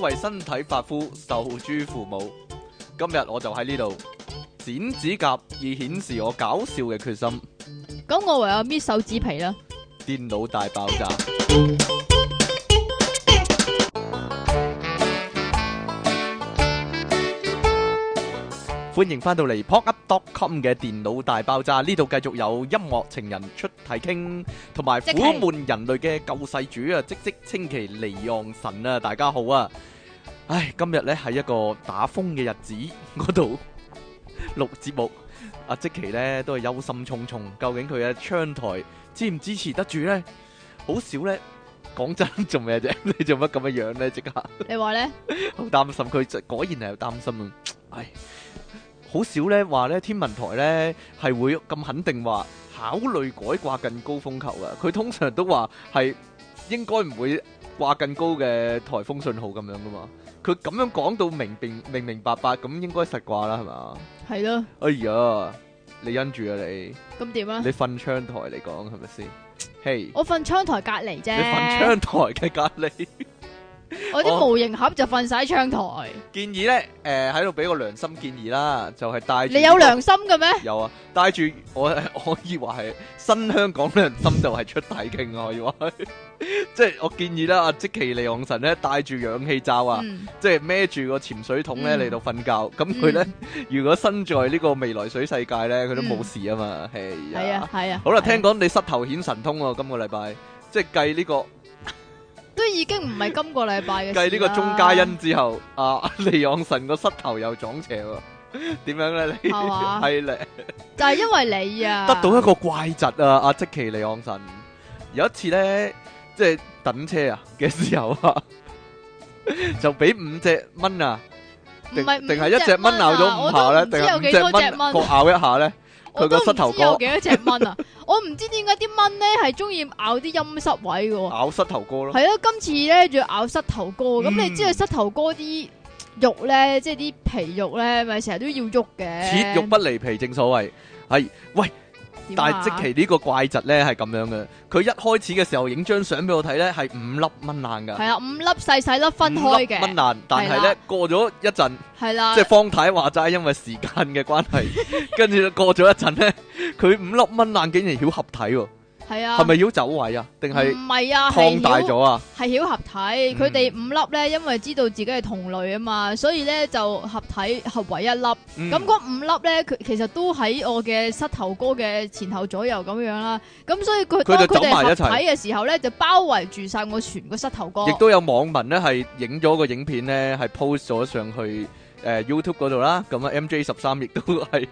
為身體髮膚受之父母，今日我就喺呢度剪指甲，以顯示我搞笑嘅決心。咁我唯有搣手指皮啦。電腦大爆炸！ 歡迎翻到嚟 pocket.com 嘅電腦大爆炸，呢度繼續有音樂情人出體 King，同埋苦悶人類嘅救世主啊！即是即積淇離岸神啊！大家好啊！唉，今日咧係一個打風嘅日子，嗰度錄節目，阿積淇咧都係憂心忡忡。究竟佢嘅窗台支唔支持得住咧？好少咧，講真，做咩啫？你做乜咁嘅樣咧？即刻，你話咧？好擔心佢，果然係擔心啊！唉，好少咧話咧天文台咧係會咁肯定話考慮改掛更高風球啊！佢通常都話係應該唔會掛更高嘅台風信號咁樣噶嘛。佢咁樣講到明明明明白白，咁應該實掛啦，係咪吧？係咯。哎呀，你忍住啊你。咁點啊？你瞓窗台嚟講係咪先？嘿。Hey，我瞓窗台隔籬啫。你瞓窗台嘅隔籬。 我啲模型盒就瞓晒喺窗台。建議咧，誒喺度俾個良心建議啦，就係帶住。你有良心嘅咩？有啊，帶住我可以話係新香港啲人心就係出體 King 啊！要話即係我建議啦，阿積淇離岸神咧帶住氧氣罩啊，即係孭住個潛水桶咧嚟，到瞓覺。咁佢咧，如果身在呢個未來水世界咧，佢都冇事啊嘛。係啊，係啊。好啦，聽講你膝頭顯神通喎！今個禮拜即係計呢個。所以已經唔係今個禮拜嘅。計呢個鐘嘉欣之後，阿離岸神個膝頭又撞邪喎，點樣咧？你係咧？就係因為你啊，得到一個怪疾啊！阿積淇離岸神有一次咧，即係等車啊嘅時候啊，就俾五隻蚊啊，唔係定係一隻蚊咬咗五下咧，定係一隻蚊咬一下咧？我唔知有幾多隻蚊啊！ 我唔知點解啲蚊咧，係中意咬啲陰濕位嘅，咬膝頭哥咯。係啊，今次咧仲要咬膝頭哥，咁、嗯、你知啊？膝頭哥啲肉咧，即係啲皮肉咧，咪成日都要喐嘅。切肉不離皮，正所謂係喂。但係即其呢個怪疾咧係咁樣嘅，佢一開始嘅時候影張相俾我睇咧係五粒蚊爛噶。係啊，五粒細細粒分開嘅蚊爛，但係咧過咗一陣，係啦，啦即係方太話齋因為時間嘅關係，跟住 過咗一陣咧，佢五粒蚊爛竟然要合體喎、哦。係啊，係咪要走位啊？定係唔係啊？放大咗啊？係曉合體，佢哋、嗯、五粒咧，因為知道自己係同類啊嘛，所以咧就合體合為一粒。咁嗰、嗯、五粒咧，佢其實都喺我嘅膝頭哥嘅前後左右咁樣啦。咁所以佢當佢哋合體嘅時候咧，就包圍住晒我全個膝頭哥。亦都有網民咧係影咗個影片咧，係 post 咗上去誒、呃、YouTube 嗰度啦。咁啊，MJ 十三亦都係。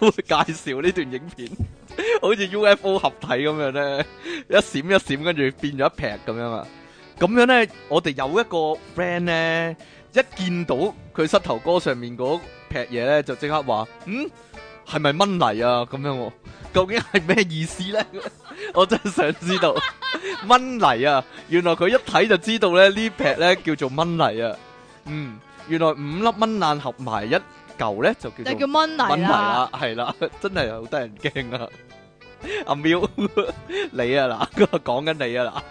會 介紹呢段影片， 好似 UFO 合體咁樣咧， 一閃一閃，跟住變咗一劈咁樣啊！咁樣咧，我哋有一個 friend 咧，一見到佢膝頭哥上面嗰劈嘢咧，就即刻話：嗯，係咪蚊泥啊？咁樣、哦，究竟係咩意思咧？ 我真係想知道蚊泥啊！原來佢一睇就知道咧，呢劈咧叫做蚊泥啊！嗯，原來五粒蚊爛合埋一，舊咧就叫，就叫蚊泥，蚊泥啦，係啦，真係好得人驚啊！阿 Miu，你啊嗱，講緊你啊啦，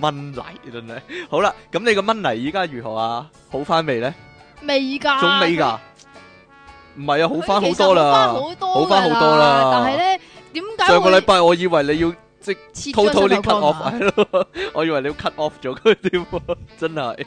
蚊泥真係，好啦，咁你個蚊泥依家如何啊？好翻未咧？未噶，仲未噶？唔係啊，好翻好多啦，好翻好多啦，但係咧，點解上個禮拜我以為你要即係 cut cut 啲 cut off，係咯，我以為你要 cut off 咗佢添啊，真係。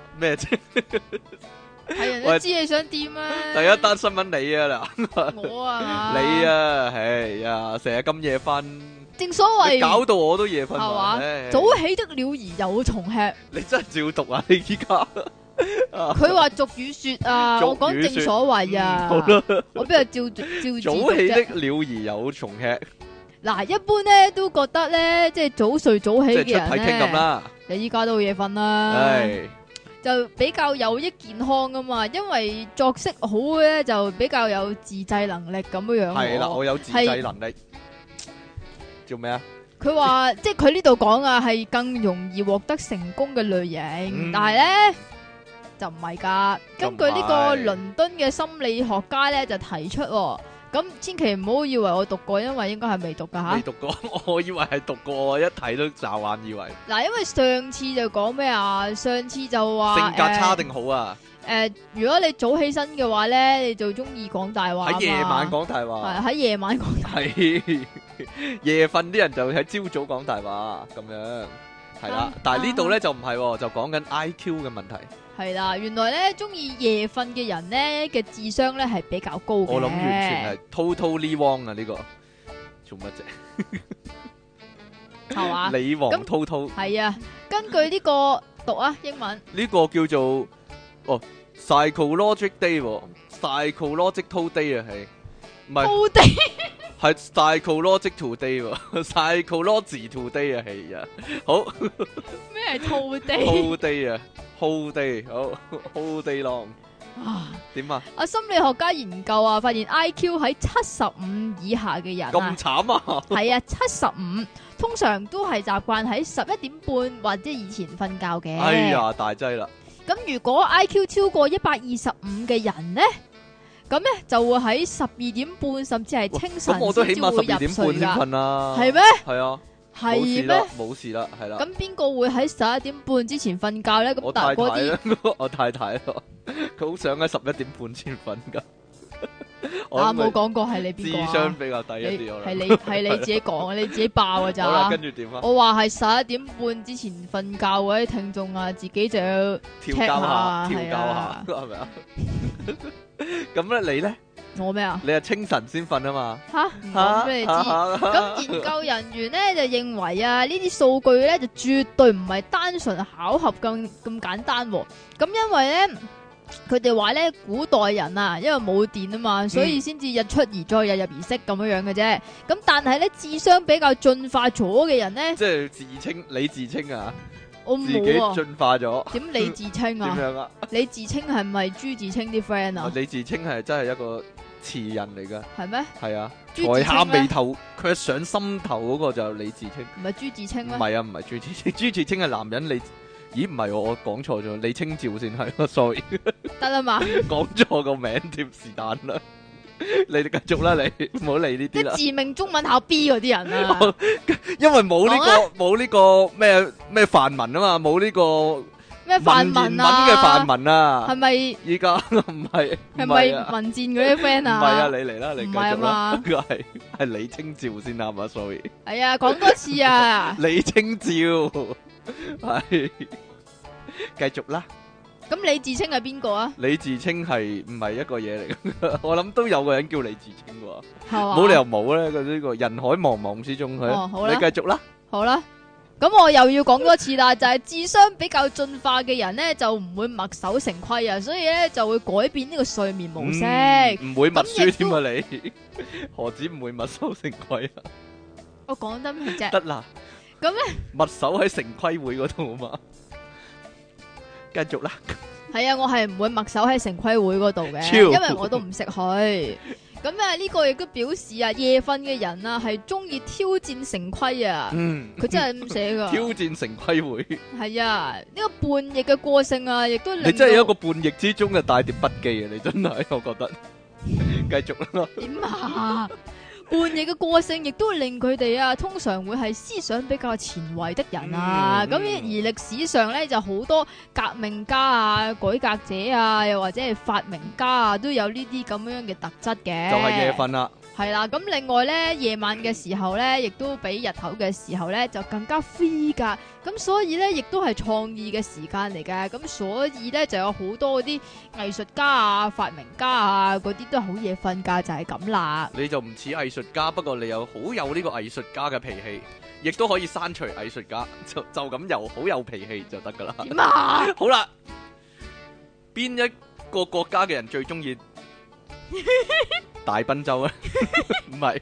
咩啫？你知你想點啊！第一單新聞你啊，嗱我啊，你啊，哎呀，成日咁夜瞓，正所謂搞到我都夜瞓，係嘛？早起的鳥兒有蟲吃，你真係照讀啊！你依家佢話俗語說啊，我講正所謂啊，我邊度照照字啫？早起的鳥兒有蟲吃。嗱，一般咧都覺得咧，即係早睡早起嘅人咧，你依家都好夜瞓啦。就比較有益健康噶嘛，因為作息好咧就比較有自制能力咁樣樣。係啦，我有自制能力。做咩啊？佢話即係佢呢度講啊，係更容易獲得成功嘅類型，但係咧就唔係噶。根據呢個倫敦嘅心理學家咧就提出喎。咁千祈唔好以為我讀過，因為應該係未讀噶吓。未讀過，我以為係讀過，我一睇，都驟眼以為。嗱，因為上次就講咩啊？上次就話性格差定好啊？誒，如果你早起身嘅話咧，你就中意講大話。喺夜晚講大話。係喺夜晚講大。係。夜瞓啲人就喺朝早講大話，咁樣係啦。但係呢度咧就唔係，就講緊 IQ 嘅問題。係啦，原來咧中意夜瞓嘅人咧嘅智商咧係比較高，我諗完全係 totally wrong 啊，呢、這個做乜啫？係嘛？ 啊、李王 Toto a 係啊，根據呢、這個讀啊英文，呢個叫做哦 P、哦、sychologic Day psychologic Today 啊，係唔係？係 psychology today，psychology today yeah. 好 啊，係啊樣，好咩係 today day 啊，today 好，today 囉啊，點啊？啊，心理學家研究啊，發現 I.Q 喺七十五以下嘅人咁慘啊！係啊，七十五通常都係習慣喺十一點半或者以前瞓覺嘅。哎呀，大劑啦！咁如果 I.Q 超過一百二十五嘅人呢？咁咧就會喺十二點半甚至係清晨。我都起碼十一點半先瞓啦，係咩？係啊，係咩？冇事啦，冇事啦，係啦。咁邊個會喺十一點半之前瞓覺咧？咁大啲我太太咯，佢好想喺十一點半先瞓噶。我冇講過係你邊個啊？智商比較低啲係你係你自己講你自己爆噶咋？跟住點啊？我話係十一點半之前瞓覺，位聽眾啊，自己就要調教下，調教下係咪啊？咁咧， 你咧呢？我咩啊？你係，清晨先瞓啊嘛。吓！唔講俾你知！咁研究人員咧就認為啊，數呢啲數據咧就絕對唔係單純巧合咁咁簡單，啊。咁因為咧，佢哋話咧，古代人啊，因為冇電啊嘛，所以先至日出而、嗯、作，日入而息咁樣樣嘅啫。咁但係咧，智商比較進化咗嘅人咧，即係自稱，你自稱啊？啊、自己進化咗。點李自清啊？點 樣啊, 是是啊,啊？李自清係咪嗎、啊、朱自清啲 friend 啊？李自清係真係一個詞人嚟噶。係咩？係啊，才下眉頭卻上心頭嗰個就係李自清。唔係朱自清咩？唔係啊，唔係朱自清。朱自清係男人李。咦？唔係、啊、我講錯咗？李清照先係，sorry。得啦嘛，講 錯個名貼是但啦。 你哋繼續啦，你唔好理呢啲啦。即係自命中文考 B 嗰啲人啊，因為冇呢個冇呢個咩咩範文啊嘛，冇呢個咩文言文嘅範文啊。係咪依家唔係？係咪文戰嗰啲 friend 啊？唔係啊，你嚟啦，你繼續啦。係係李清照先啊嘛，sorry。係啊，講多次啊。李清照係，繼續啦。咁李自清係邊個啊？李自清係唔係一個嘢嚟？我諗都有個人叫李自清嘅，係啊，冇理由冇咧。佢呢個人海茫茫之中佢，你繼續啦。好啦，咁我又要講多次啦，就係智商比較進化嘅人咧，就唔會墨守成規啊，所以咧就會改變呢個睡眠模式。唔會墨書添啊，你何止唔會墨守成規啊？我講得咩啫？得啦，咁咧墨守喺成規會嗰度啊嘛。繼繼續啦，係啊，我係唔會默守喺城規會嗰度嘅。Chill. 因為我都唔識佢。咁啊，呢、這個亦都表示啊，夜瞓嘅人啊，係中意挑戰城規啊。嗯，佢真係咁寫噶，挑戰城規會 。係啊，呢、這個叛逆嘅個性啊，亦都你真係有一個叛逆之中嘅大碟筆記啊，你真係，我覺得繼 續啦。點啊？ 叛逆嘅個性亦都令佢哋啊，通常會係思想比較前衞的人啊。咁、嗯嗯、而歷史上咧就好多革命家啊、改革者啊，又或者係發明家啊，都有呢啲咁樣嘅特質嘅。就係夜瞓啦。係啦，咁另外呢，夜晚嘅時候呢，亦都比日頭嘅時候呢，就更加 free 噶，咁所以呢，亦都係創意嘅時間嚟嘅，咁所以呢，就有好多啲藝術家啊、發明家啊嗰啲都好夜瞓覺，就係咁啦。你就唔似藝術家，不過你又好有呢個藝術家嘅脾氣，亦都可以刪除藝術家，就就咁又好有脾氣就得噶啦。 好啦，邊一個國家嘅人最中意？ 大賓周 不是 大啊，唔係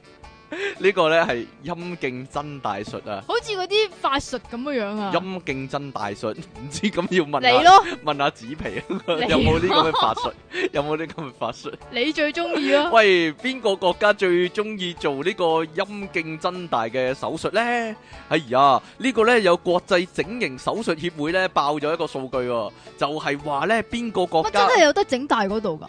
呢個咧係陰莖增大術啊，好似嗰啲法術咁嘅樣啊。陰莖增大術唔 知咁要問你咯囉，問下積淇、啊、 有冇啲咁嘅法術，有冇啲咁嘅法術？你最中意啊？喂，邊個國家最中意做個陰莖真呢個陰莖增大嘅手術咧？哎呀，這個、呢個咧有國際整形手術協會咧爆咗一個數據、啊，就係話咧邊個國家真係有得整大嗰度噶，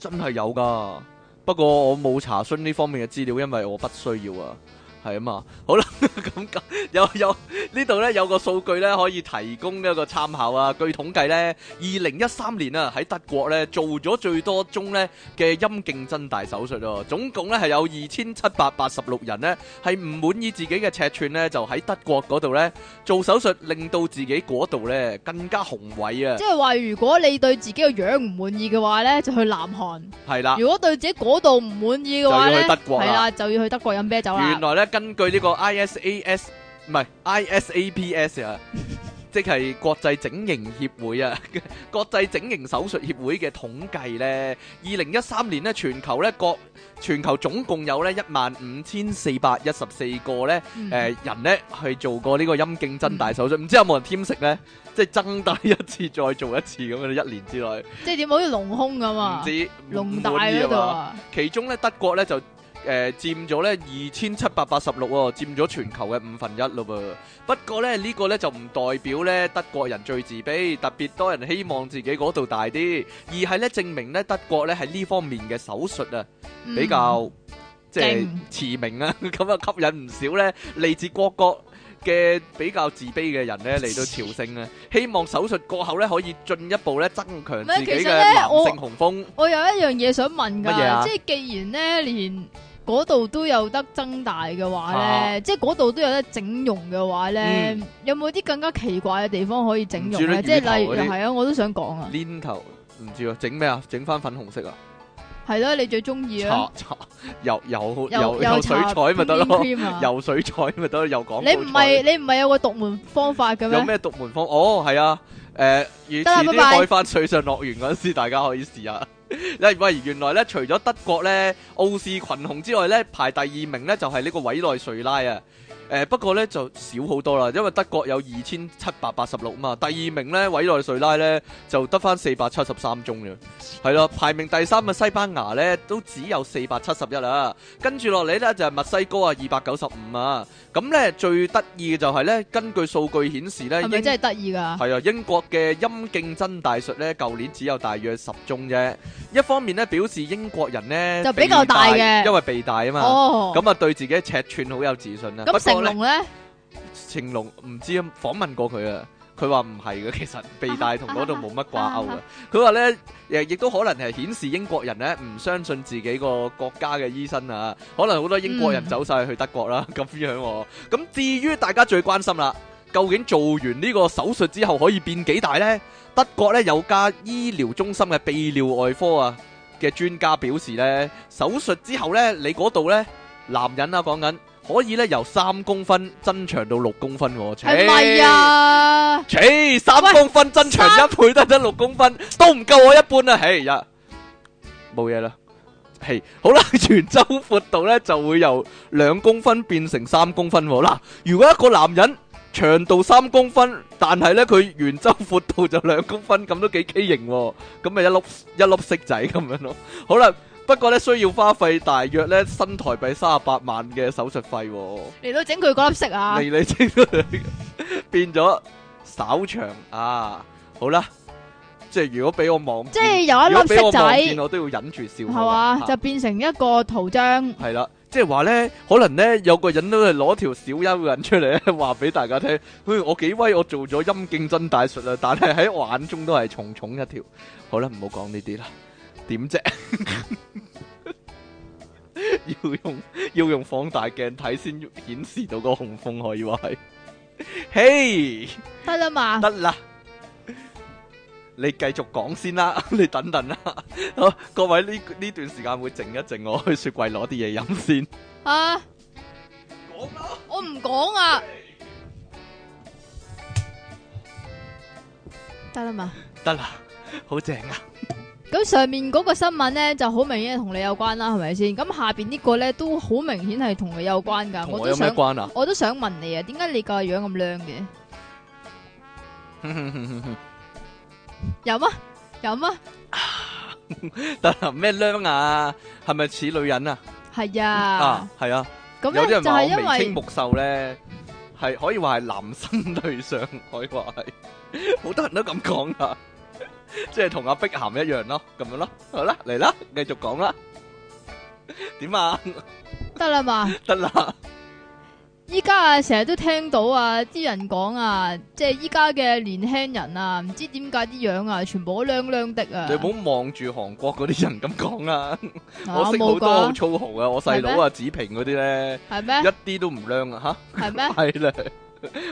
真係有噶。不過我冇查詢呢方面嘅資料，因為我不需要啊。係啊嘛，好啦，咁咁有有呢度咧，有個數據咧可以提供一個參考啊。據統計咧，二零一三年啊，喺德國咧做咗最多宗咧嘅陰莖增大手術咯。總共咧係有二千七百八十六人咧係唔滿意自己嘅尺寸咧，就喺德國嗰度咧做手術，令到自己嗰度咧更加雄偉啊！即係話，如果你對自己嘅樣唔滿意嘅話咧，就去南韓。係啦，如果對自己嗰度唔滿意嘅話咧，就要去德國。係啦，就要去德國飲啤酒啦。原來咧～根據呢個 ISAS 唔係 ISAPS 啊，即係國際整形協會啊，國際整形手術協會嘅統計咧，二零一三年咧，全球咧，國全球總共有咧一萬五千四百一十四個咧，誒人咧去做過呢個陰莖增大手術，唔知有冇人添食咧？即係增大一次再做一次咁樣，一年之內，即係點好似隆胸咁啊？隆大嗰度啊？其中咧，德國咧就。誒，佔咗咧二千七百八十六哦，佔咗全球嘅五分一咯噃。不過咧呢、呢個咧就唔代表咧德國人最自卑，特別多人希望自己嗰度大啲，而係咧證明咧德國咧喺呢方面嘅手術啊，比較即係馳名啊，咁啊吸引唔少咧嚟自各國嘅比較自卑嘅人咧嚟到朝聖啊， 希望手術過後咧可以進一步咧增強自己嘅男性雄風。我有一樣嘢想問噶，啊、即係既然呢連。嗰度都有得增大嘅話咧，即係嗰度都有得整容嘅話咧，有冇啲更加奇怪嘅地方可以整容咧？即係例如係啊，我都想講啊。黏頭唔知啊，整咩啊？整翻粉紅色啊？係咯，你最中意啦。油油水彩咪得咯，油水彩咪得咯，又講。你唔係你唔係有個獨門方法嘅咩？有咩獨門方？哦，係啊，誒，下次開翻水上樂園嗰陣時，大家可以試下。喂， 原來咧除咗德國咧傲視群雄之外咧，排第二名咧就係、是、呢個委內瑞拉啊。誒、欸，不過咧就少好多啦，因為德國有二千七百八十六啊嘛，第二名咧委內瑞拉咧就得翻四百七十三宗嘅，係啦，排名第三嘅西班牙咧都只有四百七十一啦，跟住落嚟咧就係、是、墨西哥啊二百九十五啊，咁咧最得意嘅就係咧根據數據顯示咧係咪真係得意噶？係啊，英國嘅陰莖增大術咧，舊年只有大約十宗啫。一方面咧表示英國人咧就比較大嘅，因為鼻大啊嘛，咁啊、哦、對自己尺寸好有自信啦、啊。成龍咧，成龍唔知訪問過佢啊，佢話唔係嘅，其實鼻大同嗰度冇乜掛鈎嘅。佢話咧，誒亦都可能係顯示英國人咧唔相信自己個國家嘅醫生啊，可能好多英國人走晒去德國啦，咁樣喎。咁至於大家最關心啦，究竟做完呢個手術之後可以變幾大咧？德國咧有家醫療中心嘅泌尿外科啊嘅專家表示咧，手術之後咧你嗰度咧，男人啊講緊。可以咧由三公分增長到六公分喎，黐唔係啊，黐三、欸、公分增長一倍得得六公分，三都唔夠我一般啦、啊，嘿呀，冇嘢啦，嘿好啦，圓周闊度咧就會由兩公分變成三公分，嗱如果一個男人長度三公分，但係咧佢圓周闊度就兩公分，咁都幾畸形喎，咁咪一粒一粒色仔咁樣咯，好啦。不過咧需要花費大約咧新台幣三十八萬嘅手術費、哦，嚟到整佢嗰粒色啊！嚟你整佢變咗稍長啊！好啦，即係如果俾我望，即係有一粒色仔，我,我都要忍住笑。係啊，啊就變成一個圖章。係 啦，即係話咧，可能咧有個人都係攞條小蚯蚓出嚟咧，話 俾大家聽、哎，我幾威，我做咗陰莖增大術啦，但係喺我眼中都係重重一條。好啦，唔好講呢啲啦。點啫？要用要用放大鏡睇先顯示到個紅楓，可以話係。嘿，得啦嘛，得啦。你繼續講先啦，你等等啦。好，各位呢呢段時間會靜一靜，我去雪櫃攞啲嘢飲先。啊，講啦，我唔講啊。得啦嘛，得啦，好正啊！咁上面嗰個新聞咧就好明顯同你有關啦，係咪先？咁下邊呢個咧都好明顯係同你有關噶，我都想，咩關啊，我都想問你啊，點解你個樣咁靚嘅？有嗎？有嗎？但係咩靚啊？係咪似女人啊？係啊，係啊，有啲人話眉清目秀咧，係可以話係男身女相，可以話係，好多人都咁講噶。即係同阿碧咸一樣咯，咁樣咯，好啦，嚟啦，繼續講啦，點啊？得啦嘛？得啦！依家啊，成日都聽到啊，啲人講啊，即係依家嘅年輕人啊，唔知點解啲樣啊，全部都靚靚的啊！你唔好望住韓國嗰啲人咁講啊！我識好多好粗豪啊，我細佬啊，子平嗰啲咧，係咩？一啲都唔靚啊，吓係咩？係啦，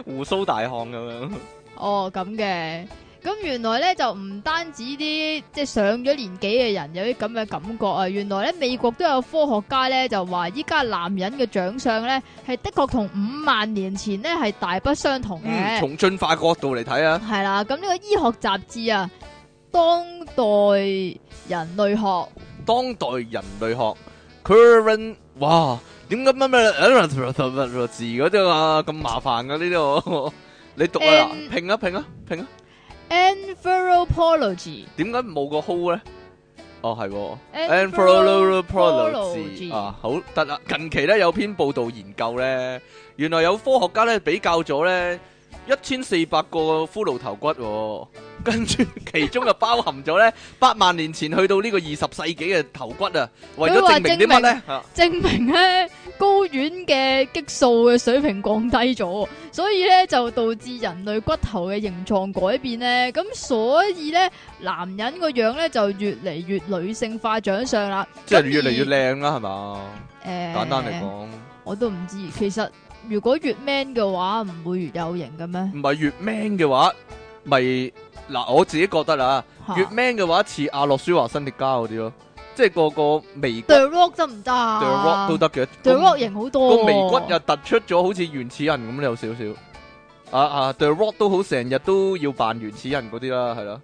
胡鬚大漢咁樣。哦，咁嘅。咁原來咧就唔單止啲即係上咗年紀嘅人有啲咁嘅感覺啊，原來咧美國都有科學家咧就話依家男人嘅長相咧係的確同五萬年前咧係大不相同嘅。嗯、從進化角度嚟睇啊，係啦。咁呢個醫學雜誌啊，當代人類學，當代人類學，current，哇，點解咩咩字嗰啲啊，咁麻煩噶呢度，你讀啊，嗯、拼啊，拼啊，拼啊！Anthropology 點解冇個號咧？哦，係 Anthropology 啊，好得啦！近期咧有篇報道研究咧，原來有科學家咧比較咗咧。一千四百個骷髏頭骨，跟住其中就包含咗咧八萬年前去到呢個二十世紀嘅頭骨啊！為咗證明啲乜咧？證明咧，睾丸嘅激素嘅水平降低咗，所以咧就導致人類骨頭嘅形狀改變咧。咁所以咧，男人個樣咧就越嚟越女性化，長相啦，即係越嚟越靚啦，係嘛？誒，簡單嚟講，我都唔知，其實。如果越 man 嘅話，唔會越有型嘅咩？唔係越 man 嘅話，咪嗱、就是、我自己覺得啦。啊、越 man 嘅話似阿諾舒華、辛迪加嗰啲咯，即係個個眉骨。The Rock 得唔得啊？Rock 都得嘅，The Rock 個型好多、哦，個眉骨又突出咗，好似原始人咁樣有少少。啊啊、The、Rock 都好成日都要扮原始人嗰啲啦，係咯。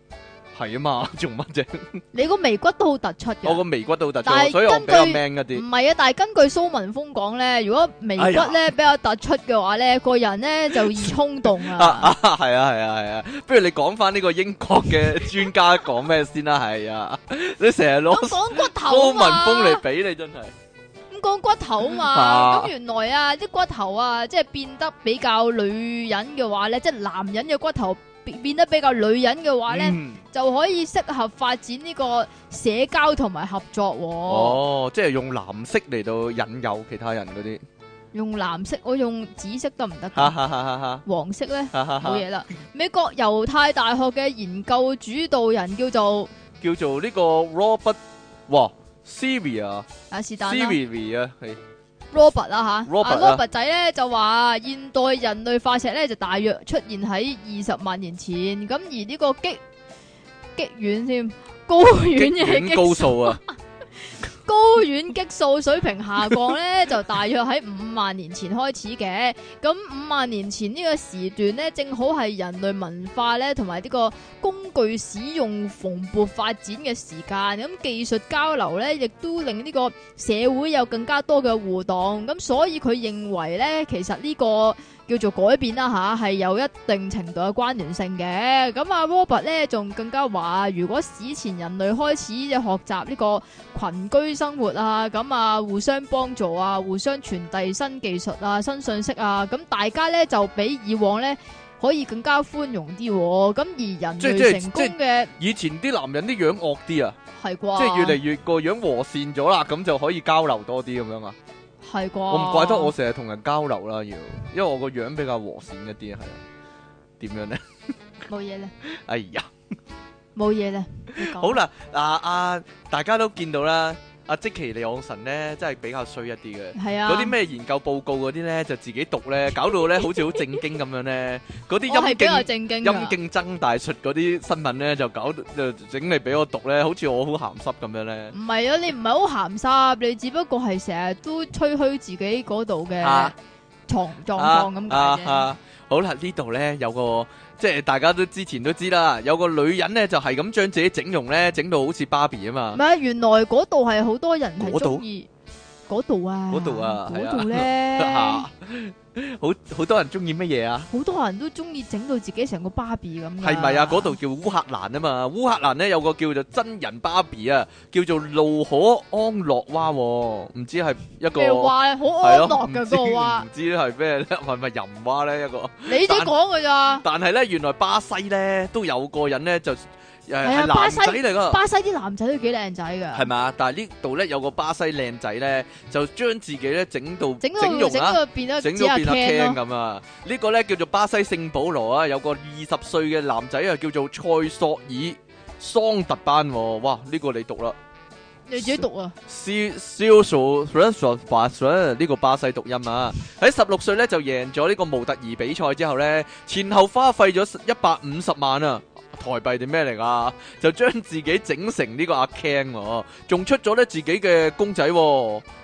係啊嘛，做乜啫？你個眉骨都好突出嘅。我個眉骨都好突出，所以我比較 man 一啲。但係根據，唔係啊，但係根據蘇文峰講咧，如果眉骨咧比較突出嘅話咧，個人咧就易衝動啊。啊，係啊，係啊，係啊。不如你講翻呢個英國嘅專家講咩先啦？係啊，你成日攞講骨頭，蘇文峰嚟俾你真係。咁講骨頭嘛，咁原來啊啲骨頭啊，即係變得比較女人嘅話咧，即係男人嘅骨頭。變得比較女人嘅話咧，嗯、就可以適合發展呢個社交同埋合作哦。哦，即係用藍色嚟到引誘其他人嗰啲。用藍色，我、哦、用紫色得唔得？哈 黃色咧，冇嘢啦。美國猶太大學嘅研究主導人叫做叫做呢個 Robert，哇，Siri 啊，阿是但啦。Robert 啦、啊、嚇，Robert 啊 Robert 仔咧就話現代人類化石咧就大約出現喺二十萬年前，咁而呢個激激遠添高遠嘅激素啊。高遠激素水平下降咧，就大約喺五萬年前開始嘅。咁五萬年前呢個時段咧，正好係人類文化咧同埋呢個工具使用蓬勃發展嘅時間。咁技術交流咧，亦都令呢個社會有更加多嘅互動。咁所以佢認為咧，其實呢個叫做改變啦、啊、吓，係、啊、有一定程度嘅關聯性嘅。咁啊，Robert 咧仲更加話，如果史前人類開始學習呢個群居生活啊，咁啊互相幫助啊，互相傳遞新技術啊、新信息啊，咁、啊、大家咧就比以往咧可以更加寬容啲、啊。咁而人類成功嘅，以前啲男人啲樣惡啲啊，係啩？即係越嚟越個樣和善咗啦，咁就可以交流多啲咁樣啊。係啩，我唔、哦、怪得我成日同人交流啦，要，因為我個樣比較和善一啲，係啊，點樣咧？冇嘢咧。哎呀，冇嘢咧。 好啦，嗱啊，啊，大家都見到啦。阿積淇離岸神咧，真係比較衰一啲嘅。係啊，嗰啲咩研究報告嗰啲咧，就自己讀咧，搞到咧好似好正經咁樣咧。嗰啲又係比較正經陰莖增大術嗰啲新聞咧，就搞就整嚟俾我讀咧，好似我好鹹濕咁樣咧。唔係啊，你唔係好鹹濕，你只不過係成日都吹噓自己嗰度嘅床狀況咁解啫。好啦，呢度咧有個。即係大家都之前都知啦，有個女人咧就係咁將自己整容咧整到好似芭比啊嘛。唔係，原來嗰度係好多人係中意。嗰度啊，嗰度啊，度咧， 好好多人中意乜嘢啊？好多人、啊、好多人都中意整到自己成個芭比咁樣，係咪啊？嗰度、啊、叫烏克蘭啊嘛，烏克蘭咧有個叫做真人芭比啊，叫做路可安諾娃、哦，唔知係一個咩話，好安樂嘅個話，唔知係咩咧，係咪淫娃咧一個？你啲講嘅咋？但係咧，原來巴西咧都有個人咧就。係啊，巴西嚟噶，巴西啲男仔都幾靚仔噶，係嘛？但係呢度咧有個巴西靚仔咧，就將自己咧整到整到整容啊，整到變阿 Ken 咁啊！呢個咧叫做巴西聖保羅啊，有個二十歲嘅男仔啊，叫做塞索爾桑特班，哇！呢個你讀啦，你自己讀啊，Celson Francisco Vascon，呢個巴西讀音啊。喺十六歲咧就贏咗呢個模特兒比賽之後咧，前後花費咗一百五十萬啊。台幣定咩嚟噶？就將自己整成呢個阿 Ken 喎，仲出咗咧自己嘅公仔，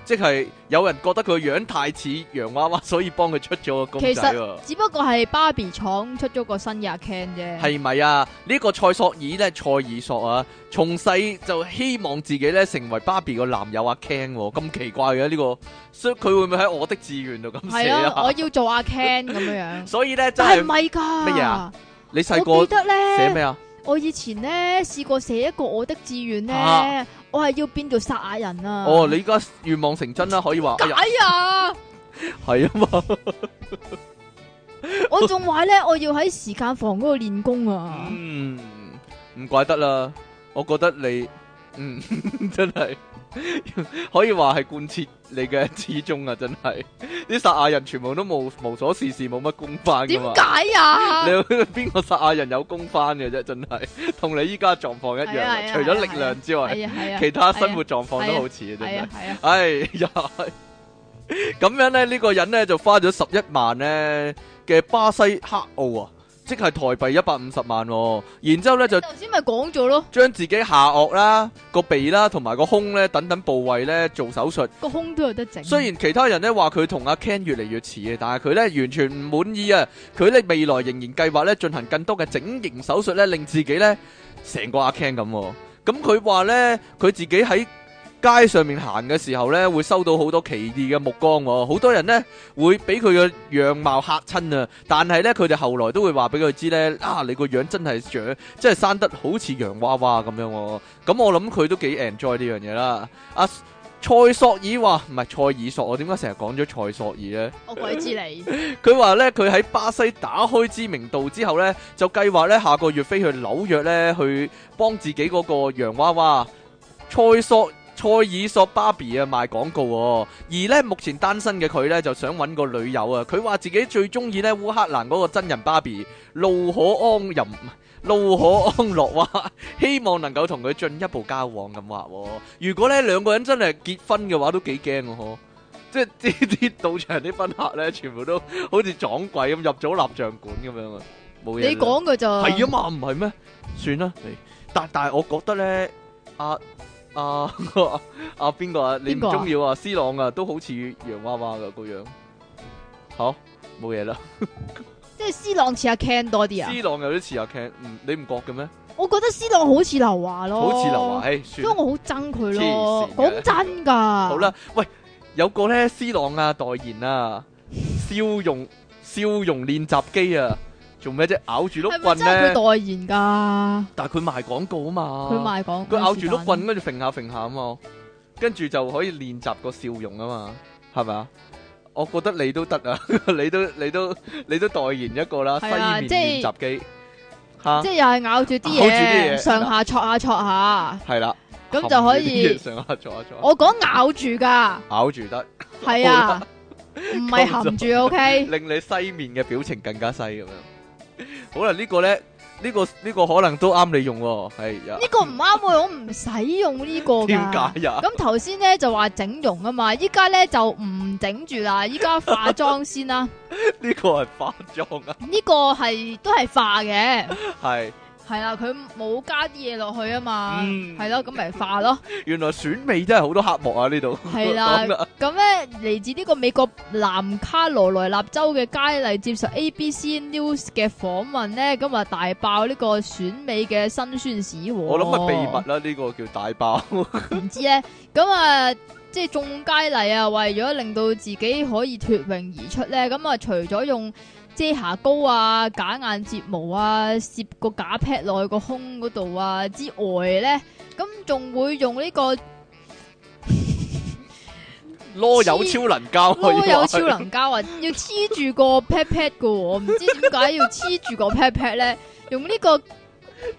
即係有人覺得佢樣太似洋娃娃，所以幫佢出咗個公仔、哦、其實只不過係芭比廠出咗個新嘅阿 Ken 啫。係咪啊？呢、這個蔡索爾咧，蔡爾索啊，從細就希望自己咧成為芭比個男友阿 Ken 喎，咁奇怪嘅、啊、呢、這個，所佢會唔會喺我的志願度咁寫啊？啊我要做阿 Ken 咁樣樣。 所以咧真係咪㗎乜嘢啊？你細個寫咩啊？我記得呢，我以前咧試過寫一個我的志願咧，啊、我係要變做撒亞人啊！哦，你而家願望成真啦，可以話。哎呀！係啊嘛！我仲話咧，我要喺時間房嗰度練功啊！ 嗯，唔怪得啦，我覺得你嗯 真係。可以話係貫徹你嘅始終啊！真係啲撒亞人全部都冇無所事事，冇乜工返㗎嘛？點解啊？你邊個撒亞人有工返嘅啫？真係同你依家狀況一樣，除咗力量之外，其他生活狀況都好似啊！真係，係呀，咁樣咧，呢個人咧就花咗十一萬咧嘅巴西黑奧啊！即係台幣一百五十萬，然之後咧就頭先咪講咗咯，將自己下顎啦、個鼻啦、同埋個胸咧等等部位咧做手術。個胸都有得整。雖然其他人咧話佢同阿 Ken 越嚟越似嘅，但係佢咧完全唔滿意啊！佢咧未來仍然計劃咧進行更多嘅整形手術咧，令自己咧成個阿 Ken 咁。咁佢話咧，佢自己喺.街上面行嘅時候呢，會收到好多奇異嘅目光，哦，好多人呢，會俾佢嘅樣貌嚇親啊！但係呢，佢哋後來都會話俾佢知呢：「啊，你個樣真係長，真係生得好似洋娃娃咁樣，哦。咁我諗佢都幾 enjoy 呢樣嘢啦。阿、啊、蔡索爾話唔係蔡爾索，我點解成日講咗蔡索爾呢？我鬼知你。佢話呢，佢喺巴西打開知名度之後呢，就計劃呢，下個月飛去紐約呢，去幫自己嗰個洋娃娃蔡索。蔡爾索芭比啊賣廣告，而咧目前單身嘅佢咧就想揾個女友啊，佢話自己最中意咧烏克蘭嗰個真人芭比路可安任路可安諾，話希望能夠同佢進一步交往咁話。如果咧兩個人真係結婚嘅話都幾驚嘅嗬，即係啲啲到場啲賓客咧全部都好似撞鬼咁入咗蠟像館咁樣啊。冇嘢你講嘅咋，係啊嘛，唔係咩？算啦，但但係我覺得咧阿。啊，阿阿邊個啊？你唔中意啊？C、啊、朗啊，都好似洋娃娃噶嗰樣，好冇嘢啦。 即係 C 朗似阿 Ken 多啲啊？C 朗有啲似阿 Ken，嗯、你唔覺嘅咩？我覺得 C 朗好似劉華咯，好似劉華，欸、算，因為我好憎佢咯。講真噶，好啦，喂，有個咧 C 朗啊代言啊笑容笑容練習機啊。做咩啫？咬住碌棍咧？係佢代言㗎？但係佢賣廣告啊嘛。佢賣廣告，佢咬住碌棍跟住揈下揈下啊嘛。跟住就可以練習個笑容啊嘛，係咪啊？我覺得你都得啊，你都你都你都代言一個啦，西面即係練習機。吓，即係又係咬住啲嘢，上下戳下戳下。係啦，咁就可以上下戳下戳。我講咬住噶，咬住得。係啊，唔係含住。O K。令你西面嘅表情更加西咁樣。好啦，呢個咧，呢個呢、呢個呢個可能都啱你用喎、哦，係、哎、啊。呢個唔啱我，我唔使用呢個。點解呀？咁頭先咧就話整容啊嘛，依家咧就唔整住啦，依家化妝先啦。呢 個係化妝啊？ 呢個係都係化嘅。係。 係啦，佢冇加啲嘢落去啊嘛，係咯、嗯，咁咪化咯。 原來選美真係好多黑幕啊！的 吧呢度係啦，咁咧嚟自呢個美國南卡羅來納州嘅佳麗接受 ABC News 嘅訪問咧，咁啊大爆呢個選美嘅辛酸史，哦。我諗係秘密啦，呢、這個叫大爆。唔 知咧，咁啊，即係眾佳麗啊，為咗令到自己可以脫穎而出咧，咁啊，除咗用，遮瑕膏啊，假眼睫毛啊，攝個假 pat 落去個胸嗰度啊之外咧，咁仲會用呢個囉 柚貼超能膠，囉柚超能膠啊，要黐說住個 pat pat 嘅，唔 知點解要黐住個 pat pat 咧？ 用呢這個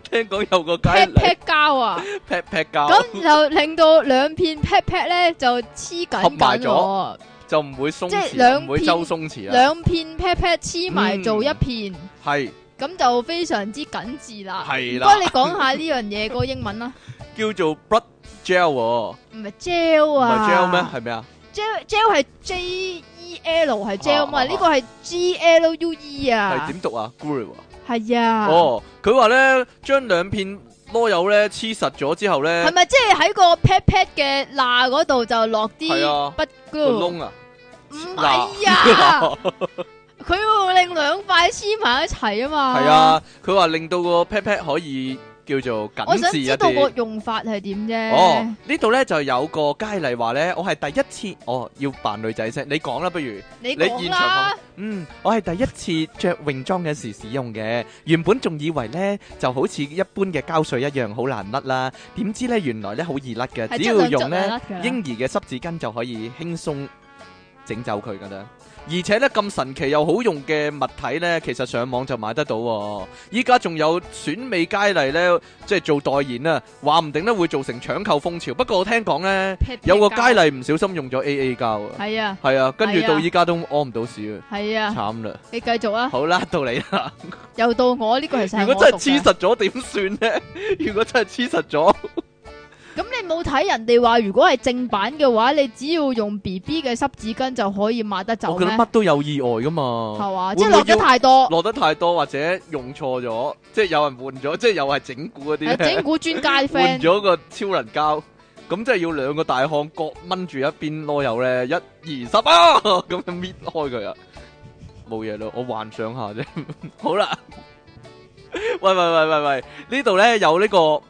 聽講有個 pat pat 膠啊，pat pat 膠，咁股就令到兩片 pat pat 咧就黐緊緊咗。就唔會鬆弛，即係唔會周鬆弛啊！兩片 pat pat 黐埋做一片，係咁就非常之緊緻啦。係啦，唔該你講下呢樣嘢個英文啦，叫做 Blood Gel，唔係 Gel 啊，唔係 Gel 咩？係咩啊？Gel Gel 係 J E L 係 Gel，啊呢個係 G L U E 啊？係點讀啊？Glue 啊？係啊？哦，佢話咧將兩片。多有咧黐實咗之後咧，係咪即係喺個 pat pat 嘅罅嗰度就落啲？係啊，不 glue 個窿啊，唔係啊，佢 會令兩塊黐埋一齊啊嘛。係啊，佢話令到個 pat pat 可以。叫做緊緻一啲。我，我用法係點啫？哦，呢度呢就有個佳麗話呢，我係第一次，哦，要扮女仔聲，你講啦不如。你講啦。你現場講。嗯，我係第一次着泳裝嘅時使用嘅，原本仲以為呢就好似一般嘅膠水一樣好難甩啦，點知呢，原來呢好易甩嘅，只要用呢，嬰兒嘅濕紙巾就可以輕鬆整走佢噶啦。而且咧咁神奇又好用嘅物體呢，其實上網就買得到喎。依家仲有選美佳麗呢，即係做代言啊，話唔定呢會造成搶購風潮。不過我聽講呢，屁屁有個佳麗唔小心用咗 AA 膠啊，係啊，係啊，跟住到依家都屙唔到屎啊，係啊了，慘啦。你繼續啊。好啦，到你啦。又到我呢、這個係。 如果真係黐實咗點算呢？ 如果真係黐實咗。 冇睇人哋話，如果係正版嘅話，你只要用 B B 嘅濕紙巾就可以抹得走咩？我覺得乜都有意外噶嘛，係哇吧？即係落得太多，落得太多或者用錯咗，即係有人換咗，即係又係整蠱嗰啲。整蠱專家換咗 個超人膠，咁即係要兩個大漢各掹住一邊囉柚咧，一二十啊，咁 樣搣開佢啊，冇嘢咯，我幻想下啫。 好啦， 喂，喂喂喂喂喂， 呢度咧有呢個。呢個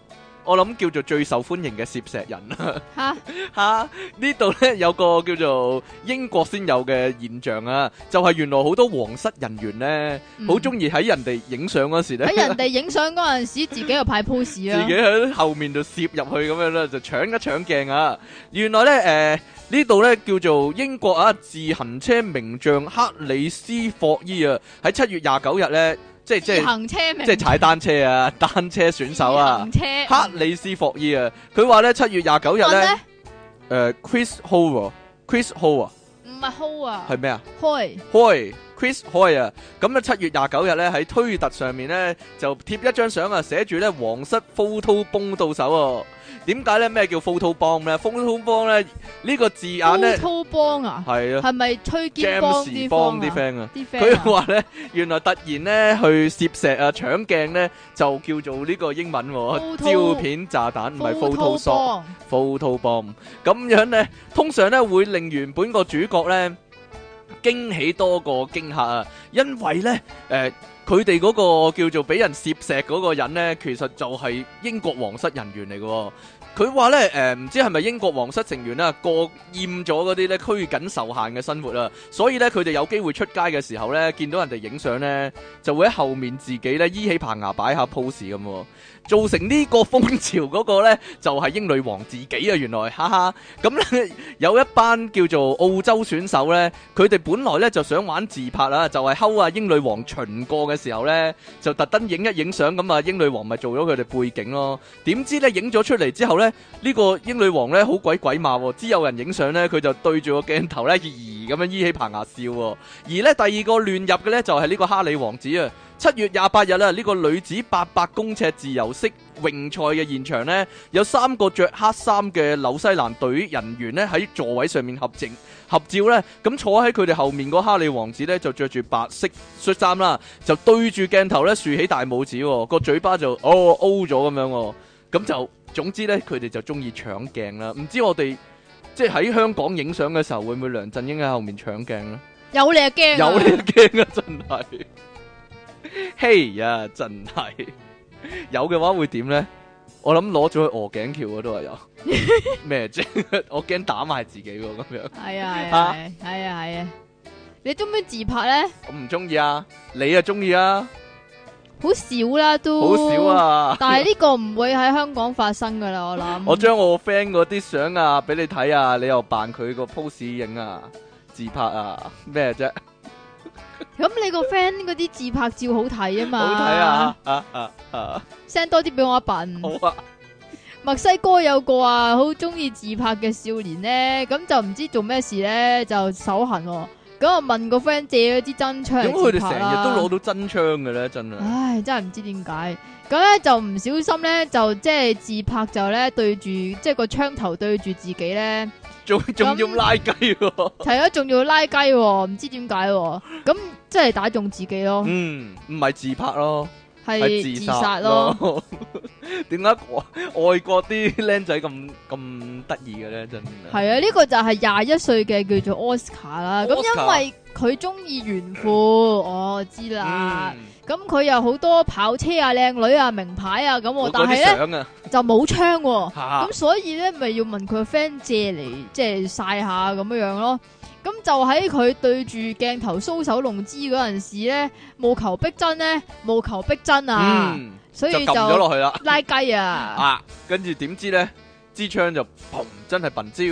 我諗叫做最受歡迎嘅攝石人啦 哈，吓吓呢度呢，有個叫做英國先有嘅現象啊，就係、是、原來好多皇室人員呢，好中意喺人哋影相嗰時咧，喺人哋影相嗰陣時， 自己又派 pose 啊，自己喺後面就攝入去咁樣咧，就搶一搶鏡啊！原來呢，誒呢度呢，叫做英國啊，自行車名將克里斯霍伊啊，喺七月廿九日呢。即係即係，即係踩單車啊，單車選手啊，行車克里斯霍伊啊，佢話咧七月廿九日咧，誒呢、呃，Chris Ho，Chris Ho 啊，唔係 Ho 啊，係咩啊，Hoi，Hoi，Chris Hoi 啊，咁咧七月廿九日咧喺推特上面咧就貼一張相啊，寫住咧皇室 photo 崩到手。啊。點解咧？咩叫 photo bomb 咧？photo bomb 咧呢個字眼咧，係啊，係咪崔健幫啲 friend 啊？佢話咧，原來突然咧去攝石啊、搶鏡咧，就叫做呢個英文，照片炸彈，唔係 photoshop，photo bomb。咁樣咧，通常咧會令原本個主角咧驚喜多過驚嚇啊，因為咧誒。佢哋嗰個叫做俾人攝石嗰個人呢，其實就係英國皇室人員嚟嘅。哦。佢話呢，誒、呃、唔知係咪英國皇室成員啦，過厭咗嗰啲咧拘謹受限嘅生活啦、啊，所以呢，佢哋有機會出街嘅時候呢，見到人哋影相呢，就會喺後面自己呢，依起棚牙擺下 pose 咁。造成呢個風潮嗰個呢，就係英女王自己啊，原來，哈哈！咁呢有一班叫做澳洲選手呢，佢哋本來呢就想玩自拍啦，就係 hold 英女王巡過嘅時候呢，就特登影一影相，咁啊英女王咪做咗佢哋背景咯。點知呢，影咗出嚟之後呢，呢個英女王呢好鬼鬼馬，知有人影相呢，佢就對住個鏡頭呢，咦，咦咁樣依起棚牙笑。而呢第二個亂入嘅呢，就係呢個哈里王子啊。七月廿八日啦，呢、這個女子八百公尺自由式泳賽嘅現場呢，有三個着黑衫嘅紐西蘭隊人員咧喺座位上面合影合照呢，咁坐喺佢哋後面個哈利王子呢，就着住白色恤衫啦，就對住鏡頭咧豎起大拇指，哦，個嘴巴就哦 O 咗咁樣，哦，咁就總之呢，佢哋就鍾意搶鏡啦。唔知我哋即係喺香港影相嘅時候會唔會梁振英喺後面搶鏡咧？有你啊驚，有你啊驚啊，真係。嘿呀，真係有嘅話會點咧？哎哎、呢我諗攞咗去鵝頸橋嗰度係有咩啫？我驚打埋自己喎，咁樣係啊係啊係啊係啊！你中唔中意自拍咧？我唔中意啊，你啊中意啊？好少啦都，好少啊！少啊 但係呢個唔會喺香港發生噶啦，我諗。 我將我 friend 嗰啲相啊，俾你睇啊，你又扮佢個 pose 影啊，自拍啊，咩啫、啊？ 咁你個 friend 嗰啲自拍照好睇啊嘛，好睇啊，啊，啊，啊！send 多啲俾我阿笨。好啊。墨西哥有個啊，好中意自拍嘅少年咧，咁就唔知做咩事咧，就手痕。咁啊，問個 friend 借咗支真槍出嚟自拍啦。咁佢哋成日都攞到真槍嘅咧，真係。唉，真係唔知點解。咁咧就唔小心咧，就即係自拍就咧對住，即係個槍頭對住自己咧。仲仲要拉雞喎、啊嗯，係 啊，仲要拉雞喎，唔知點解喎，咁即係打中自己咯。嗯，唔係自拍咯，係是 自殺咯。點解外外國啲僆仔咁咁得意嘅咧？真係。係啊，呢、這個就係廿一歲嘅叫做 Oscar 啦。咁 Oscar? 因為佢中意炫富，嗯、我知啦。嗯咁佢又好多跑車啊、靚 女啊、名牌啊咁，但係咧就冇槍喎，咁所以咧咪要問佢個 friend 借嚟即係晒下咁樣樣咯。咁、嗯、就喺佢對住鏡頭搔首弄姿嗰陣時咧，務求逼真咧，務求逼真啊，所以就撳咗落去啦，拉雞啊！ 啊，跟住點知咧支槍就砰，真係笨招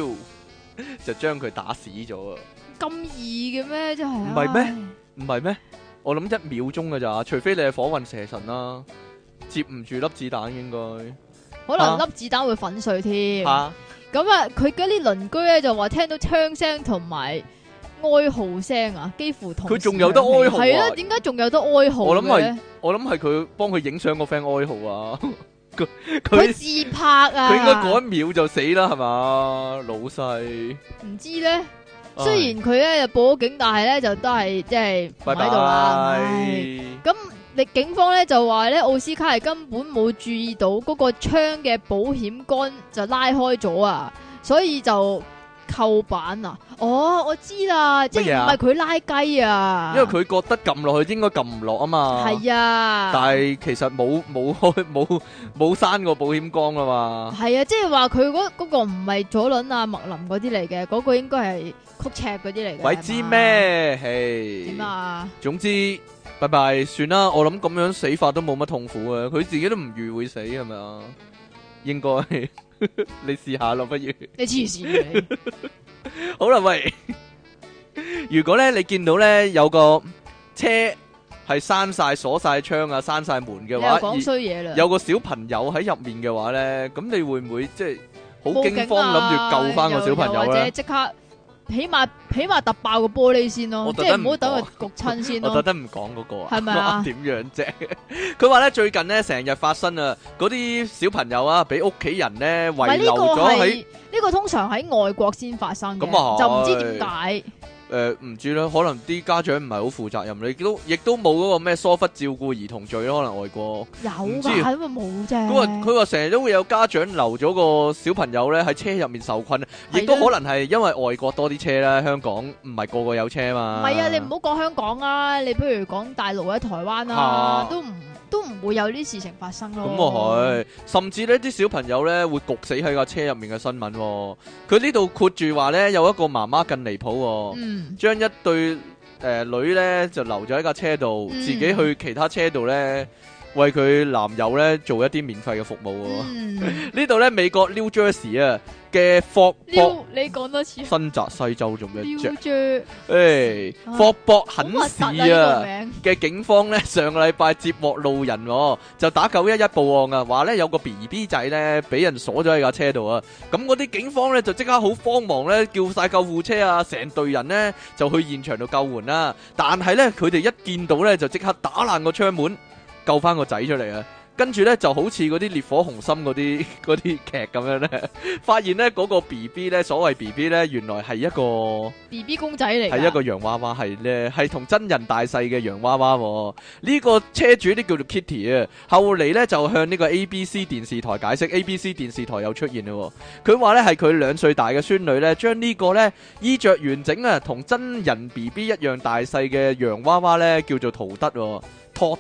就將佢打死咗啊！咁易嘅咩？真係唔係咩？唔係咩？我諗一秒鐘嘅咋，除非你係火雲邪神啦、啊，接唔住粒子彈應該。可能粒子彈會粉碎添。吓，咁啊，佢嗰啲鄰居咧就話聽到槍聲同埋哀嚎聲啊，幾乎同。佢仲有得哀嚎啊？係啦、啊，點解仲有得哀嚎？我諗係，我諗係佢幫佢影相個 friend 哀嚎啊。佢 佢自拍啊！佢應該嗰一秒就死啦，係嘛，老細？唔知咧。雖然佢咧又報咗警，但係咧就都係即係唔喺度啦。咁，你警方咧就話咧奧斯卡係根本冇注意到嗰個窗嘅保險桿就拉開咗啊，所以就。扣板啊？哦，我知啦，即係唔係佢拉雞啊？因為佢覺得撳落去應該撳唔落啊嘛。係啊，但係其實冇冇開冇冇閂過保險槓啊嘛。係啊，即係話佢嗰嗰個唔係左輪啊，麥林嗰啲嚟嘅，嗰個應該係曲尺嗰啲嚟嘅。鬼知咩？嘿，點啊？總之，拜拜，算啦。我諗咁樣死法都冇乜痛苦啊。佢自己都唔預會死係咪啊？應該。你試下咯，不如你黐線嘅。好啦，喂，如果咧你見到咧有個車係閂晒、鎖晒窗啊、閂晒門嘅話，講衰嘢啦。有個小朋友喺入面嘅話咧，咁你會唔會即係好驚慌諗住救翻個小朋友咧？即刻起碼起碼突爆個玻璃先咯，即係唔好等佢焗親先咯。我特登唔講嗰個啊，係咪啊？點樣啫？佢話咧最近咧成日發生啊，嗰啲小朋友啊，俾屋企人咧遺留咗喺呢個通常喺外國先發生嘅，是就唔知點解。 誒唔、呃、知啦，可能啲家長唔係好負責任，你都亦都冇嗰個咩疏忽照顧兒童罪咯，可能外國有㗎吧，因為冇啫。佢話，佢話成日都會有家長留咗個小朋友咧喺車入面受困，亦的都可能係因為外國多啲車啦。香港唔係個個有車嘛。唔係啊，你唔好講香港啊，你不如講大陸啊、台灣啊，都唔。都唔會有呢事情發生咯。咁啊係，嗯、甚至呢啲小朋友呢會焗死喺架車入面嘅新聞。佢呢度括住話呢有一個媽媽更離譜，嗯、將一對誒、呃、女呢就留咗喺架車度，嗯、自己去其他車度呢為佢男友呢做一啲免費嘅服務。呢度、嗯、 呢，美國 New Jersey 啊。嘅霍博你講多次新澤西州做咩着？誒，霍博肯士啊！嘅、啊、警方咧，上個禮拜接獲路人、哦，就打九一一報案啊，話咧有個 B B 仔咧，俾人鎖咗喺架車度啊。咁嗰啲警方咧，就即刻好慌忙咧，叫晒救護車啊，成隊人呢，就去現場度救援啦、啊。但係咧，佢哋一見到咧，就即刻打爛個窗門，救翻個仔出嚟啊！跟住咧就好似嗰啲烈火雄心嗰啲嗰啲劇咁樣咧， 發現咧嗰、那個 B B 咧，所謂 B B 咧，原來係一個 B B 公仔嚟，係一個洋娃娃，係咧係同真人大細嘅洋娃娃、哦。呢、這個車主呢叫做 Kitty 啊，後嚟咧就向呢個 A B C 電視台解釋，A B C 電視台又出現嘞、哦。佢話咧係佢兩歲大嘅孫女咧，將呢個咧衣着完整啊，同真人 B B 一樣大細嘅洋娃娃咧，叫做圖德、哦、t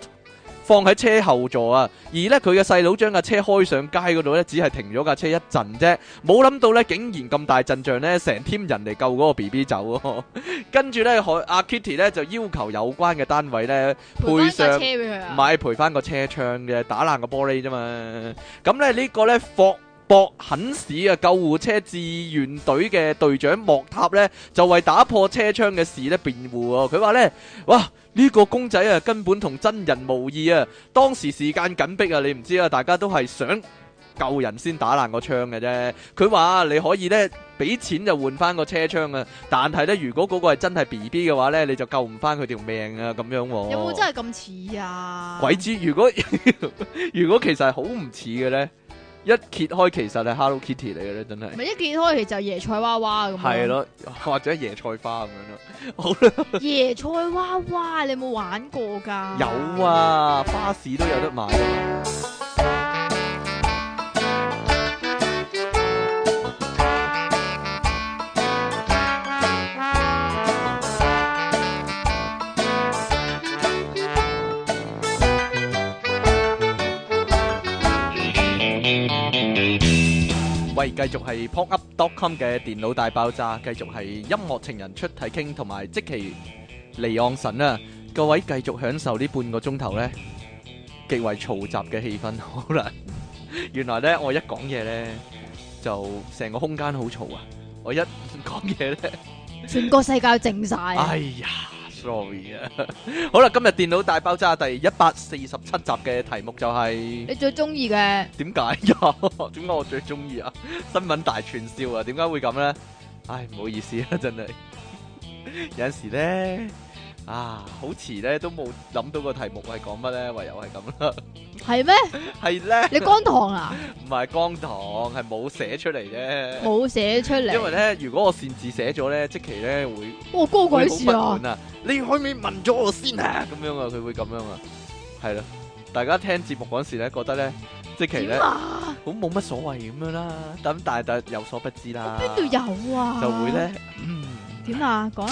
放喺車後座啊！而咧佢嘅細佬將架車開上街嗰度咧，只係停咗架車一陣啫，冇諗到咧竟然咁大陣仗咧，成天人嚟救嗰個 B B 走，跟住咧阿 Kitty 咧就要求有關嘅單位咧賠償，唔係賠翻個車窗嘅打爛個玻璃啫嘛，咁咧呢個咧放。博肯市啊，救護車志願隊嘅隊長莫塔咧，就為打破車窗嘅事咧辯護。佢話咧，哇，呢個公仔啊，根本同真人無異啊！當時時間緊迫啊，你唔知啊，大家都係想救人先打爛個窗嘅啫。佢話你可以咧俾錢就換翻個車窗啊，但係咧，如果嗰個係真係 B B 嘅話咧，你就救唔翻佢條命啊！咁樣有冇真係咁似啊？有有啊，鬼知如果 如果其實係好唔似嘅咧？一揭開其實係 Hello Kitty 嚟嘅咧，真係。唔係一揭開其實就椰菜娃娃咁。係咯，或者椰菜花咁樣咯。 好啦的，椰菜娃娃你有冇玩過㗎？有啊，花市都有得買。喂，繼續係 pokup.com 嘅電腦大爆炸，繼續係音樂情人出體 king，同埋積淇離岸神啊！各位繼續享受呢半個鐘頭咧，極為嘈雜嘅氣氛。好啦， 原來咧我一講嘢咧，就成個空間好嘈啊！我一講嘢咧，整個呢 全個世界靜晒。哎呀！sorry 啊， 好啦，今日電腦大爆炸第一百四十七集嘅題目就係、是、你最中意嘅，點解什？點 解我最中意 啊？新聞大串燒啊？點解會咁咧？唉，唔好意思啊，真係 有陣時咧。啊，好遲咧，都冇諗到個題目係講乜咧，唯有係咁啦。係咩？係咧，你乾糖啊？唔係乾糖，係冇寫出嚟啫。冇寫出嚟。因為咧，如果我擅自寫咗咧，即其咧會，哇，高鬼事啊！你開咪問咗我先啊，咁樣啊，佢會咁樣啊。係啦，大家聽節目嗰時咧，覺得咧，即其咧，好冇乜所謂咁樣啦。咁但係但係有所不知啦。邊度有啊？就會咧，嗯，點啊？講。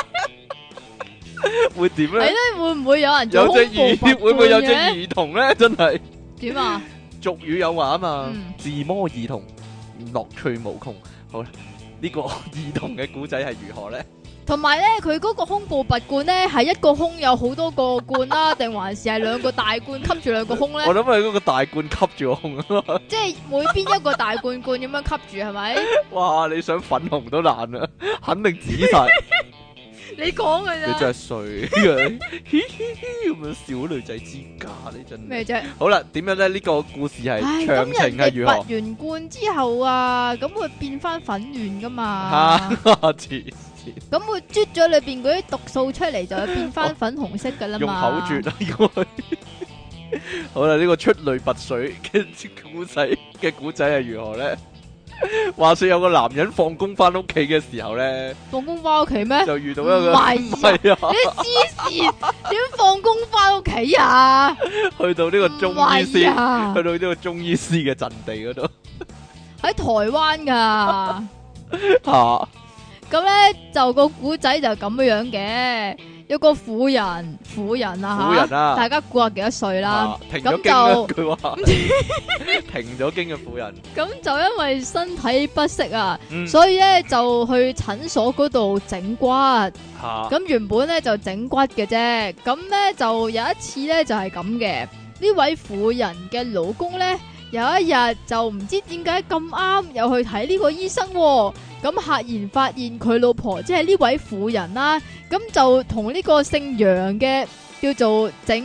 會點咧？你咧會唔會有人有隻魚？會唔會有隻兒童咧？真係點啊？俗語有話啊嘛，自摸兒童樂趣無窮。好，呢個兒童嘅古仔係如何咧？同埋咧，佢嗰個胸部拔罐咧，係一個胸有好多個罐啦，定還是係兩個大罐吸住兩個胸咧？我諗係嗰個大罐吸住個胸啊！即係每邊一個大罐罐咁樣吸住係咪？哇！你想粉紅都難啊，肯定紫晒。你講嘅啫，你真係衰，嘻嘻嘻咁樣，小女仔之家，你真係咩啫？麼好啦，點樣咧？呢、這個故事係詳情係如何？拔完罐之後啊，咁會變翻粉軟噶嘛？咁 病會啜咗裏邊嗰啲毒素出嚟，就會變翻粉紅色噶啦嘛？ 用口啜啊！應該 好啦，呢、這個出類拔萃嘅古仔，嘅古仔係如何咧？話說有個男人放工翻屋企嘅時候咧，放工翻屋企咩？就遇到一個，係啊，你黐線，點放工翻屋企啊？去到呢個中醫師，啊、去到呢個中醫師嘅陣地嗰度，喺台灣噶吓。咁咧就個古仔就咁樣樣嘅。有個婦人，婦人啊吓，啊，大家估下幾多歲啦？停咗經嘅一句話，停咗經嘅婦人。咁就因為身體不適啊，嗯、所以咧就去診所嗰度整骨。吓、啊，咁原本咧就整骨嘅啫，咁咧就有一次咧就係咁嘅。呢位婦人嘅老公咧，有一日就唔知點解咁啱又去睇呢個醫生、啊。咁赫然發現佢老婆，即係呢位婦人啦、啊。咁就同呢個姓楊嘅叫做整，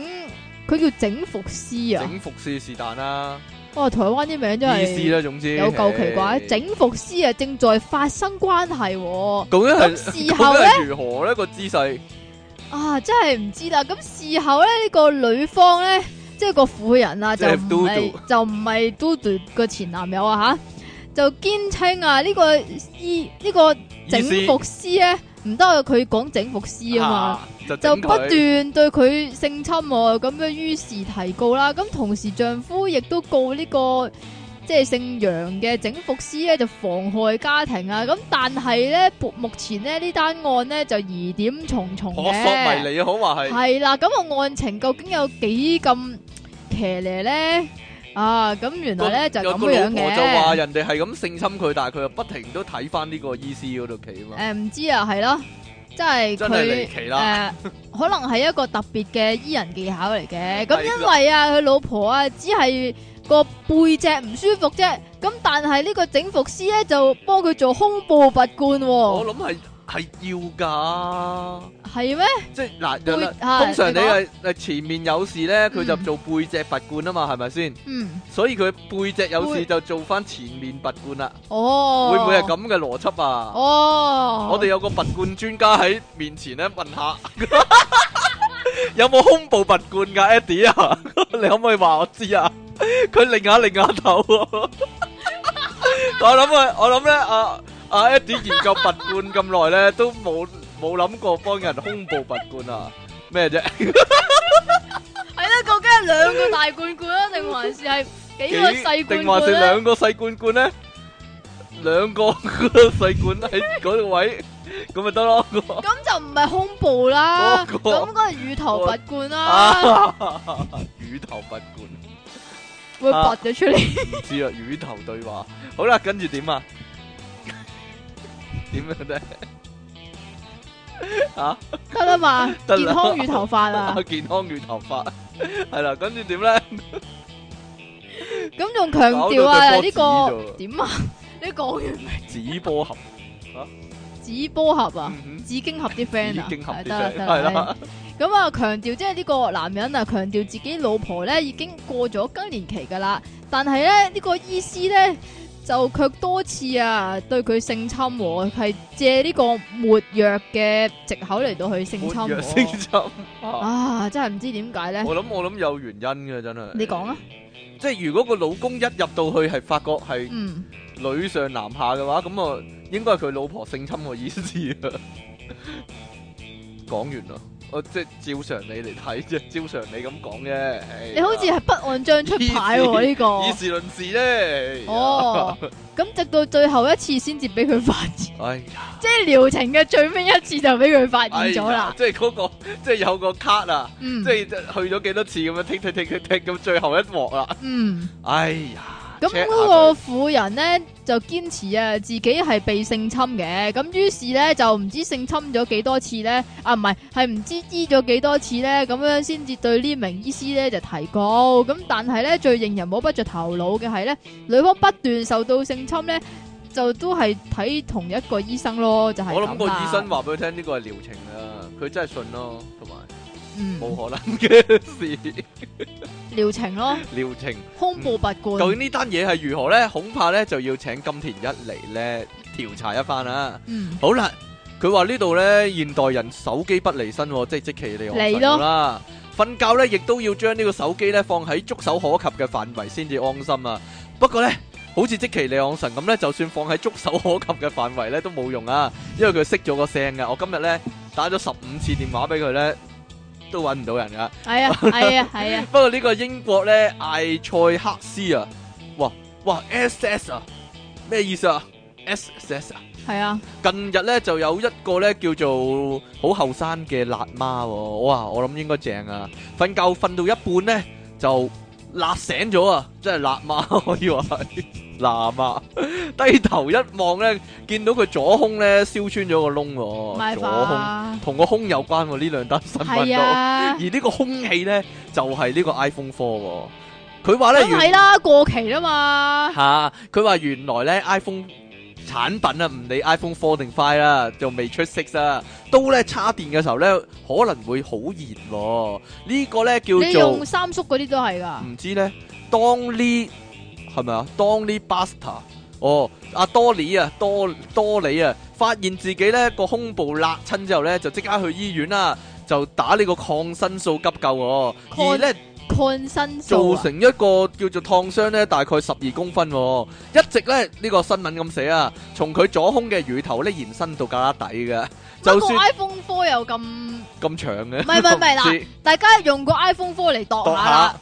佢叫整服師啊。整服師是但啦。哇，台灣啲名真係。是啦，總之有夠奇怪。整服師啊，正在發生關係、啊。咁樣係事後咧，如何呢？個姿勢？啊，真係唔知啦。咁事後咧，呢、這個女方咧，即、就、係、是、個婦人啊，就唔係就唔係嘟嘟嘅前男友啊吓。啊就堅稱啊，呢、這個醫呢、這個這個整復師咧，唔得佢講整復師啊嘛，啊就，就不斷對佢性侵喎、啊，咁樣於是提告啦。咁、嗯、同時丈夫亦都告呢、這個即係姓楊嘅整復師咧，就妨害家庭啊。咁、嗯、但係咧，目前呢，呢單案呢，就疑點重重，撲朔迷離、啊、好話係。係啦，咁、嗯、個案情究竟有幾咁騎呢？啊，咁、嗯、原來咧個就咁樣嘅，就話人哋係咁性侵佢，但係佢又不停都睇翻呢個醫師嗰度企啊嘛。誒、嗯，唔知啊，係咯，即係佢誒，可能係一個特別嘅醫人技巧嚟嘅。咁、嗯、因為啊，佢、嗯、老婆啊只係個背脊唔舒服啫，咁但係呢個整復師咧就幫佢做胸部拔罐、啊。我諗係。係要噶，係咩？即係嗱，通常你係前面有事咧，佢就做背脊拔罐啊嘛，係咪先？嗯。所以佢背脊有事就做翻前面拔罐啦。哦。會唔會係咁嘅邏輯啊？哦。我哋有個拔罐專家喺面前咧，問下有冇胸部拔罐噶，Eddie 啊？你可唔可以話我知啊？佢擰下擰下頭。我諗啊，我諗咧啊。阿 Andy 研究拔罐咁耐咧，都冇冇諗過幫人胸部拔罐啊？咩啫？係咯，究竟係兩個大罐罐啊，定還是係幾個細罐罐咧？定還是兩個細罐罐咧？兩個細罐喺嗰個位，咁咪得咯？咁就唔係胸部啦，咁個乳頭拔罐啦，乳頭拔罐會拔咗出嚟。唔知啊，乳頭對話。好啦，跟住點啊？點樣咧？吓得啦嘛。 健康與頭髮啊，健康與頭髮係啦。跟住點咧？咁仲強調啊？呢個點啊？呢個紫波俠啊？嗯、哼 紫波俠啊？ 紫荊俠啲 friend 啊？得啦， 係啦。咁啊，強調即係呢個男人啊，強調自己老婆咧已經過咗更年期噶啦，但係咧呢、呢個意思咧？就佢多次啊，對佢性侵喎，係借呢個沒藥嘅借口嚟到去性侵。性侵？啊，真係唔知點解咧。我諗我諗有原因嘅，真係。你講啊，即係如果個老公一入到去係發覺係嗯女上男下嘅話，咁啊應該係佢老婆性侵嘅意思啊。講完啦。我、哦、即係照常理嚟睇啫，照常理咁講嘅。哎、你好似係不按章出牌喎、啊、呢時、這個。以事論事咧。哦。咁 直到最後一次先至俾佢發現。哎呀。即係療程嘅最尾一次就俾佢發現咗啦。即係嗰個，即係有個卡啦，嗯、即係去咗幾多次咁樣聽，踢踢踢踢踢，咁最後一鑊啦。嗯。哎呀。咁嗰個婦人咧就堅持啊自己係被性侵嘅，咁於是咧就唔知性侵咗幾多次咧，啊唔係係唔知醫咗幾多次咧，咁樣先至對呢名醫師咧就提告，咁但係咧最令人摸不着頭腦嘅係咧，女方不斷受到性侵咧，就都係睇同一個醫生咯，就係咁啦。我諗個醫生話俾佢聽呢個係療程啊，佢真係信咯，同埋。冇可能嘅事，撩情咯，撩情，胸破拔冠。究竟呢單嘢係如何咧？恐怕咧就要請金田一嚟，咧調查一番啊。嗯，好啦，佢話呢度咧現代人手機不離身，即係積淇離岸神啦。瞓覺咧亦都要將呢個手機咧放喺觸手可及嘅範圍先至安心啊。不過咧，好似積淇離岸神咁咧，就算放喺觸手可及嘅範圍咧都冇用啊，因為佢熄咗個聲㗎。我今日咧打咗十五次電話俾佢咧。都揾唔到人噶，係啊，係啊，係啊！不過呢個英國咧，艾塞克斯啊，哇哇 SS 啊，咩意思啊？SS 啊，係啊！近日咧就有一個咧叫做好後生嘅辣媽，哇我諗應該正啊！瞓覺瞓到一半咧就辣醒咗啊，真係辣媽可以話係。嗱嘛、啊，低頭一望咧，見到佢左胸咧燒穿咗個窿，左胸同個胸有關喎，呢兩單新聞、啊、而呢個空氣咧就係、是、呢個 iPhone Four，佢話咧都係啦，原過期啦嘛。吓、啊，佢話原來咧 iPhone 產品啊，唔理 iPhone Four 定 Five 啦，就未出 Six 啊，都咧插電嘅時候咧可能會好熱，這個、呢個咧叫做。你用三叔嗰啲都係噶。唔知咧，當呢。係咪、喔、啊？多尼巴斯塔，哦，阿多里啊，多多里啊，發現自己咧個、uh, 胸部辣親之後咧，uh, 就即刻去醫院啦，uh, 就打呢個抗生素急救哦。Uh, 抗而咧呢抗生素、啊、造成一個叫做燙傷咧，uh, 大概十二公分，uh. 一直咧呢、這個新聞咁寫啊，從、uh, 佢左胸嘅乳頭咧、uh, 延伸到胳肋底嘅。個 iPhone Four 又咁咁長嘅？唔係唔係唔係，嗱、啊，大家用個 iPhone Four 嚟度下、啊啊啊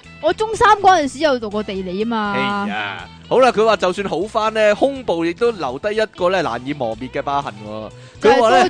我中三嗰陣時有讀過地理啊嘛。哎呀，好啦，佢話就算好翻咧，胸部亦都留低一個咧難以磨滅嘅疤痕。佢話咧，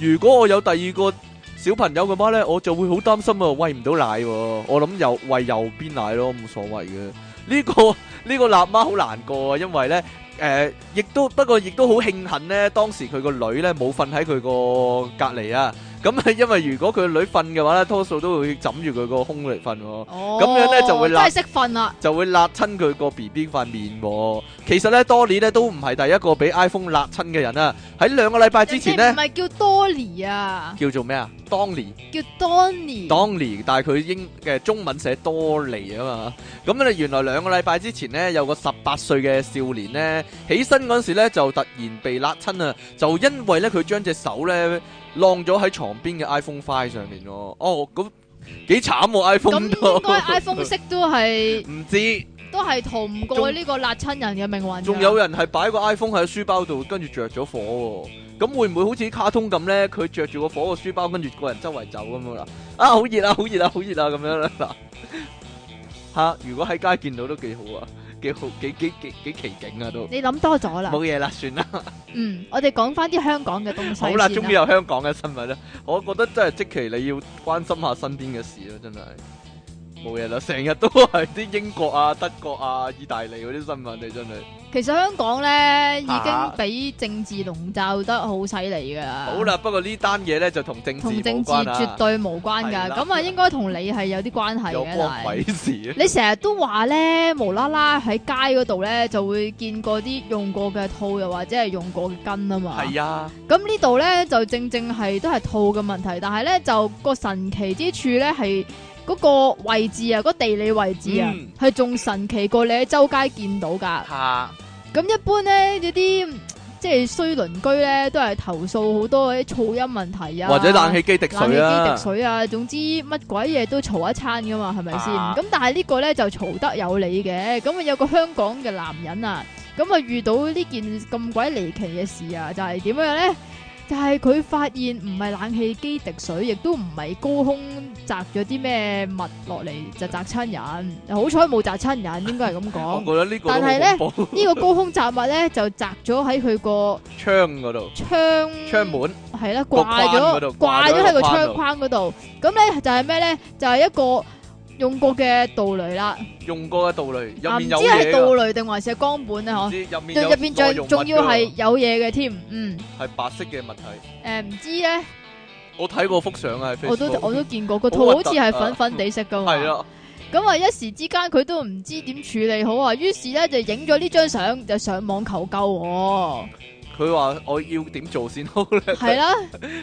如果我有第二個小朋友嘅媽咧，我就會好擔心啊，餵唔到奶。我諗又餵右邊奶咯，冇所謂嘅。呢個呢個辣媽好難過啊，因為咧，誒，亦都不過亦都好慶幸咧，當時佢個女咧冇瞓喺佢個隔籬啊。咁係，因為如果佢女瞓嘅話咧，多數都會枕住佢個胸嚟瞓，咁、哦、樣咧就會辣，都識瞓啦，就會辣親佢個 B B 塊面。其實咧，多尼咧都唔係第一個俾 iPhone 辣親嘅人兩啊！喺兩 D、呃、個禮拜之前咧，唔係叫多尼啊，叫做咩啊？多尼叫多尼，多尼，但係佢英嘅中文寫多尼啊嘛。咁咧原來兩個禮拜之前咧，有個十八歲嘅少年咧，起身嗰時咧就突然被辣親啊！就因為咧佢將隻手咧。晾咗喺床邊嘅 iPhone Five 上面咯、哦，哦，咁幾慘喎、啊、iPhone 都。咁應該 iPhone 色都係唔知，都係逃唔過呢個辣親人嘅命運。仲還是有人係擺個 iPhone 喺書包度，跟住着咗火、啊，咁會唔會好似卡通咁咧？佢着住個火個書包，跟住個人周圍走咁樣啦，啊，好熱啊，好熱啊，好熱啊，咁、啊、樣咧、啊、嗱，吓、 啊，如果喺街見到都幾好啊。幾好幾幾幾幾奇景啊都，你諗多咗啦，冇嘢啦，算啦。嗯，我哋講翻啲香港嘅東西好啦，終於有香港嘅新聞啦， 我覺得真係即期你要關心下身邊嘅事囉，真係。冇嘢啦，成日都係啲英國啊、德國啊、意大利嗰啲新聞你真係。其實香港咧、啊、已經俾政治籠罩得好犀利噶。好啦，不過呢單嘢咧就同政治冇關啦。同政治無絕對冇關噶，咁啊的應該同你係有啲關係嘅。的是有乜鬼事？你成日都話咧，無啦啦喺街嗰度咧就會見過啲用過嘅套，又或者係用過嘅巾啊嘛。係啊的。咁呢度咧就正正係都係套嘅問題，但係咧就個神奇之處咧係。嗰個位置啊，嗰、那個、地理位置啊，係仲、嗯、神奇過你喺周街見到噶。吓咁、啊、一般咧，有啲即係衰鄰居咧，都係投訴好多啲噪音問題啊，或者冷氣機滴水、啊、冷氣機滴水啊，總之乜鬼嘢都嘈一餐噶嘛，係咪先？咁、啊、但係呢個咧就嘈得有理嘅，咁啊有個香港嘅男人啊，咁啊遇到呢件咁鬼離奇嘅事啊，就係、是、點樣咧？但係佢發現唔係冷氣機滴水，亦都唔係高空擲咗啲咩物落嚟就擲親人。 好彩冇擲親人，應該係咁講。 但係咧呢 個高空擲物咧就擲咗喺佢個窗嗰度，窗窗門係啦，掛咗掛咗喺個窗框嗰度。咁咧就係咩咧？就係、就係、一個。用過嘅道雷啦，用過嘅道雷入面有嘢，又唔知係道雷定還是係光本咧？嗬，入入面最重要係有嘢嘅添，嗯，係白色嘅物體。誒，唔知咧，我睇過幅相啊，我都我都見過，個套好似係粉粉哋色噶，係啊。咁啊，一時之間佢都唔知點處理好啊，於是咧就影咗呢張相就上網求救我。佢話我要點做先好咧？係啦，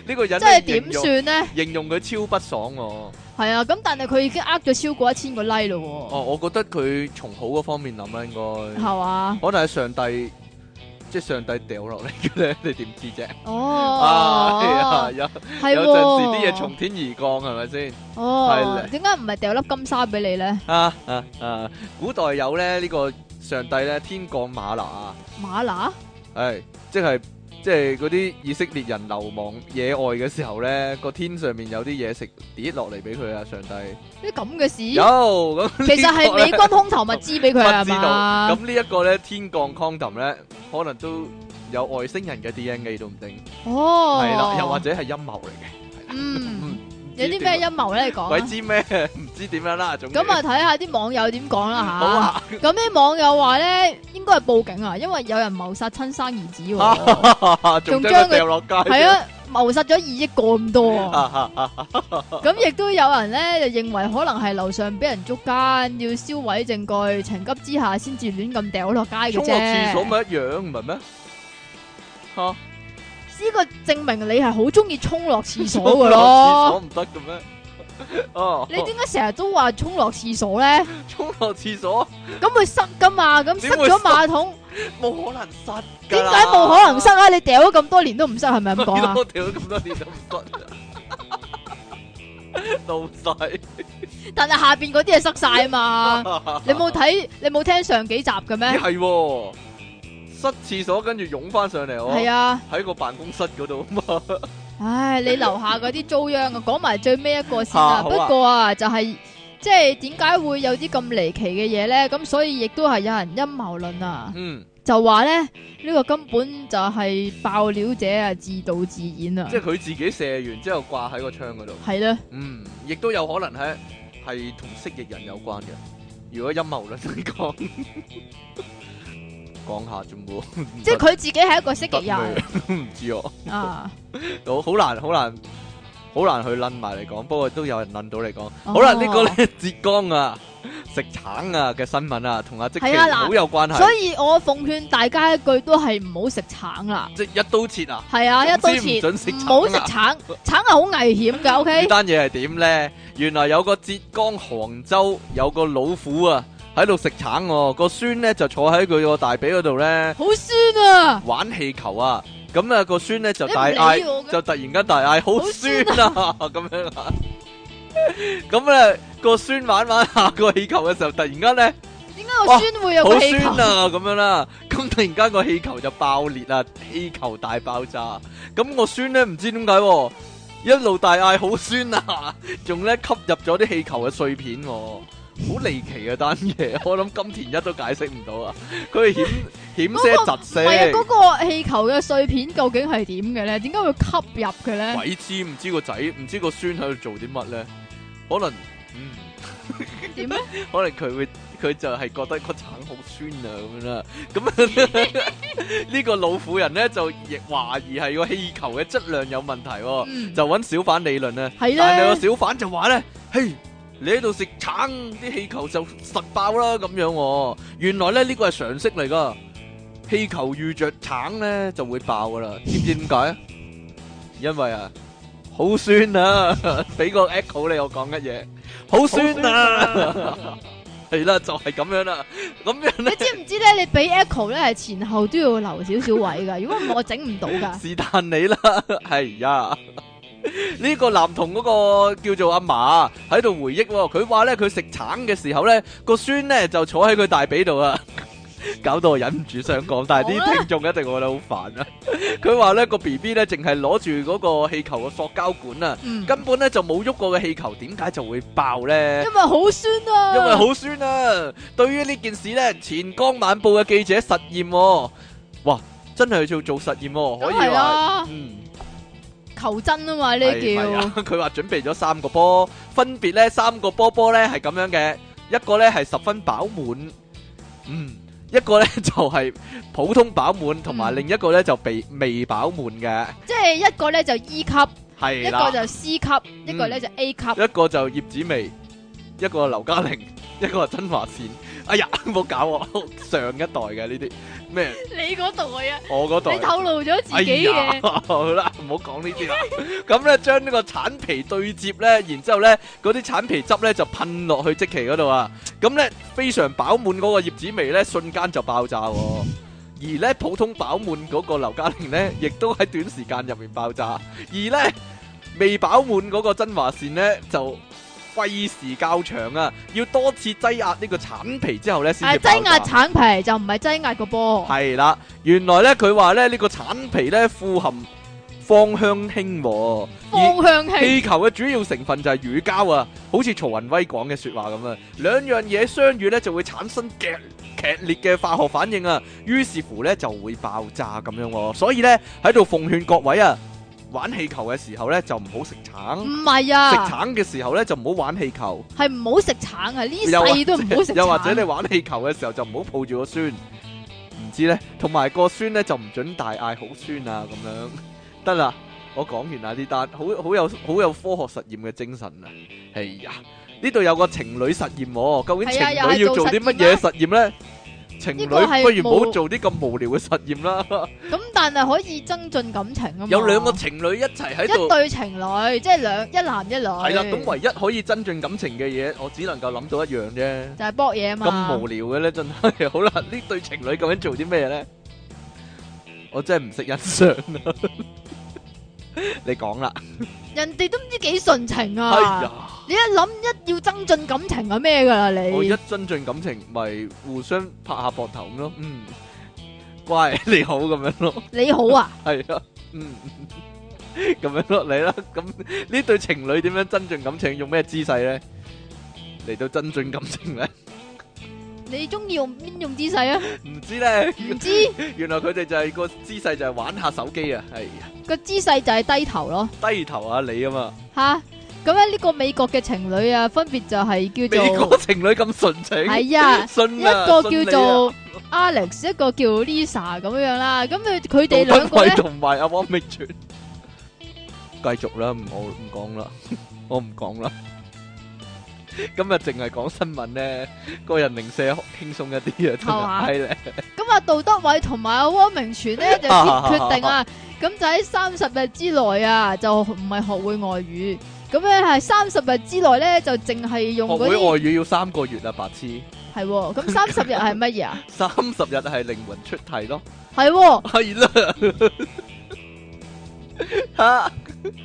呢個人即係點算咧？形容佢超不爽喎。係啊，咁但係佢已經呃咗超過一千個 like 咯。哦，我覺得佢從好嗰方面諗啦，應該係嘛？可能係上帝，即係上帝掉落嚟嘅咧，你點知啫？哦，啊，有係有陣時啲嘢從天而降，係咪先？哦，係啦，點解唔係掉粒金沙俾你咧？啊啊啊！古代有咧呢個上帝咧，天降瑪納啊，瑪納係即係。即係嗰啲以色列人流亡野外嘅時候咧，個天上面有啲嘢食跌落嚟俾佢啊！上帝，啲咁嘅事有，其實係美軍空投物資俾佢知道？咁呢一個咧，天降 condom 咧，可能都有外星人嘅 DNA 都唔定。哦，係啦，又或者係陰謀嚟嘅。嗯。Mm. 有啲咩陰謀咧？你講，鬼知咩？唔知點樣啦。咁啊，睇下啲網友點講啦吓。好啊。咁啲網友話咧，應該係報警啊，因為有人謀殺親生兒子，仲將佢掉係啊，謀殺咗二億咁多。咁亦都有人咧，就認為可能係樓上俾人捉姦，要銷毀證據，情急之下先至亂咁掉落街嘅啫。沖落廁所咪一樣唔係咩？吓？呢個證明你係好中意沖落廁所嘅咯，廁所唔得嘅咩？哦，你點解成日都話沖落廁所咧？ 沖落廁所，咁會塞噶嘛？咁塞咗馬桶，冇可能塞。點解冇可能塞啊？你掉咗咁多年都唔塞，係咪咁講？掉咗咁多年都唔塞，老細。但係下邊嗰啲嘢塞晒啊嘛？你冇睇，你冇聽上幾集嘅咩？係、欸。塞廁所跟住湧翻上嚟，啊，喺個辦公室嗰度啊嘛。 唉，你樓下嗰啲遭殃啊！講埋 最尾一個先啊。不過啊，就係、是、即係點解會有啲咁離奇嘅嘢咧？咁所以亦都係有人陰謀論啊。嗯，就話咧呢、這個根本就係爆料者啊自導自演啊。即係佢自己射完之後掛喺個窗嗰度。係咯呢。嗯，亦都有可能係係同蜥蜴人有關嘅。如果陰謀論嚟講。 講下啫嘛，即係佢自己係一個識極人，唔知哦。啊，好難好難好難去捻埋嚟講，不過都有人捻到嚟講。好啦，呢個咧浙江啊食橙啊嘅新聞啊，同阿積淇好有關係。所以我奉勸大家一句，都係唔好食橙啦。即一刀切啊？係啊，一刀切，唔准食橙，冇食橙，橙係好危險噶。O K，呢單嘢係點咧？原來有個浙江杭州有個老虎啊。喺度食橙，個孫咧就坐喺佢個大髀嗰度咧，好酸啊！玩氣球啊，咁啊個孫咧就大嗌，就突然間大嗌，好酸啊！咁樣，咁咧個孫玩玩下個氣球嘅時候，突然間咧，點解個孫會有好酸啊？咁樣啦，咁突然間個氣球就爆裂啊！氣球大爆炸，咁個孫咧唔知點解一路大嗌好酸啊，仲咧吸入咗啲氣球嘅碎片喎。好離奇嘅單嘢，我諗金田一都解釋唔到啊！佢險險些窒息。係啊，嗰個氣球嘅碎片究竟係點嘅咧？點解會吸入嘅咧？鬼知唔知個仔唔知個孫喺度做啲乜咧？可能嗯，點咧？可能佢會佢就係覺得個橙好酸啊咁樣啦。咁呢個老婦人咧就亦懷疑係個氣球嘅質量有問題，就搵小販理論啦。係啦，但係個小販就話咧，嘿。你喺度食橙，啲氣球就實爆啦咁樣哦。原來咧呢個係常識嚟噶，氣球遇着橙咧就會爆噶啦。知唔知點解啊？因為啊，好酸啊！俾 個 echo 你，我講乜嘢？好酸啊！係 啦、啊，就係、是、咁樣啦、啊，咁樣你知唔知咧？ 你俾 echo 咧，係前後都要留少少位噶。如果唔係，我整唔到噶。 是但你啦，係呀。呢 個男童嗰個叫做阿嫲喺度回憶，哦，佢話咧佢食橙嘅時候咧個酸咧就坐喺佢大髀度啊， 搞到我忍唔住想講，但係啲聽眾一定覺得好煩啊。佢話咧個 B B 咧淨係攞住嗰個氣球嘅塑膠管啊，嗯、根本咧就冇喐過嘅氣球，點解就會爆咧？因為好酸啊！因為好酸啊！對於呢件事咧，錢江晚報嘅記者實驗，哦，哇，真係叫做做實驗，哦，可以話，嗯。求真啊嘛，呢叫佢話、啊、準備咗三個波，分別呢三個波波呢係咁樣嘅，一個呢係十分飽滿，嗯，一個呢就係、是、普通飽滿，同埋、嗯、另一個呢就未飽滿嘅，即係一個呢就 E 級，啦一個就 C 級，嗯、一個呢就 A 級，一個就葉子薇。一個係劉嘉玲，一個係曾華倩。哎呀，唔好搞我！ 上一代嘅呢啲咩？你嗰代啊？我嗰代。代你透露咗自己嘅？好啦，哎呀，唔好講呢啲。咁咧，將呢個橙皮對接咧，然之後咧，嗰啲橙皮汁咧就噴落去積淇嗰度啊。咁咧，非常飽滿嗰個葉子楣咧，瞬間就爆炸。而咧，普通飽滿嗰個劉嘉玲咧，亦都喺短時間入面爆炸。而咧，未飽滿嗰個曾華倩咧，就。費時較長啊，要多次擠壓呢個橙皮之後呢，先至爆炸。擠壓、啊、橙皮就唔係擠壓個波。係啦，原來呢，佢話咧呢、這個橙皮呢，富含芳香烴，而氣球嘅主要成分就係乳膠啊，好似曹雲威講嘅說話咁啊，兩樣嘢相遇呢，就會產生極劇烈嘅化學反應啊，於是乎呢，就會爆炸咁樣、啊，所以呢，喺度奉勸各位啊。玩氣球嘅時候咧，就唔好，啊、食橙。唔係啊，食橙嘅時候咧，就唔好玩氣球。係唔好食橙啊！呢世都唔好食橙。又或者你玩氣球嘅時候就唔好抱住個孫。唔知咧，同埋個孫咧就唔准大嗌好酸啊！咁樣得啦，我講完啊呢單，好好有好有科學實驗嘅精神啊！哎呀，呢度有個情侶實驗喎，究竟情侶要做啲乜嘢實驗咧？情侶不如唔好做啲咁無聊嘅實驗啦。咁但係可以增進感情啊。有兩個情侶一齊喺度。一對情侶即係兩一男一女。係啦，咁唯一可以增進感情嘅嘢，我只能夠諗到一樣啫。就係博嘢啊嘛。咁無聊嘅咧真係。 好啦，呢對情侶究竟做啲咩咧？ 我真係唔識欣賞啊。你講啦，人哋都唔知幾純情啊！哎呀，你一諗一要增進感情係咩噶啦你，我一增進感情咪互相拍下膊頭咁咯，嗯，喂，你好咁樣咯，你好啊，係啊、 嗯，嗯，咁樣咯，你啦，咁呢對情侶點樣增進感情，用咩姿勢咧嚟到增進感情咧？你中意用邊種姿勢啊？唔知咧，唔知。原來佢哋就係個姿勢就係玩下手機啊，係啊。個姿勢就係低頭咯，低頭啊你啊嘛。吓，咁樣呢個美國嘅情侶啊，分別就係叫做美國情侶咁純情，係啊，一個叫做 Alex，一個叫 Lisa 咁樣啦。咁佢佢哋兩個咧，同埋阿 Monique，繼續啦，唔好唔講啦，我唔講啦。今日淨係講新聞咧，個人零舍輕鬆一啲啊，真係低咁啊，杜德偉同埋阿汪明荃咧就先決定啊，咁 就喺三十日之內啊，就唔係學會外語。咁咧係三十日之內咧，就淨係用。學會外語要三個月啊，白痴。係，咁三十日係乜嘢啊？三十日係靈魂出體咯。係。係啦。吓，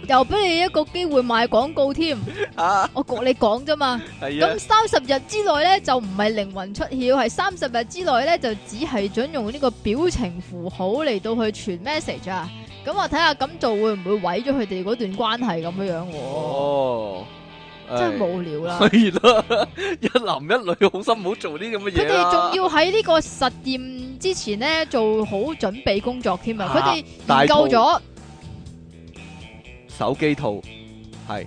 又俾你一個機會賣廣告添吓，我講你講啫嘛，係啊。咁三十日之內咧就唔係靈魂出竅，係三十日之內咧就只係准用呢個表情符號嚟到去傳 message 啊。咁我睇下咁做會唔會毀咗佢哋嗰段關係咁樣樣？哦，真係無聊啦。所以咯，一男一女，好心唔好做啲咁嘅嘢啦。佢哋仲要喺呢個實驗之前咧做好準備工作添啊。佢哋研究咗。手機套係，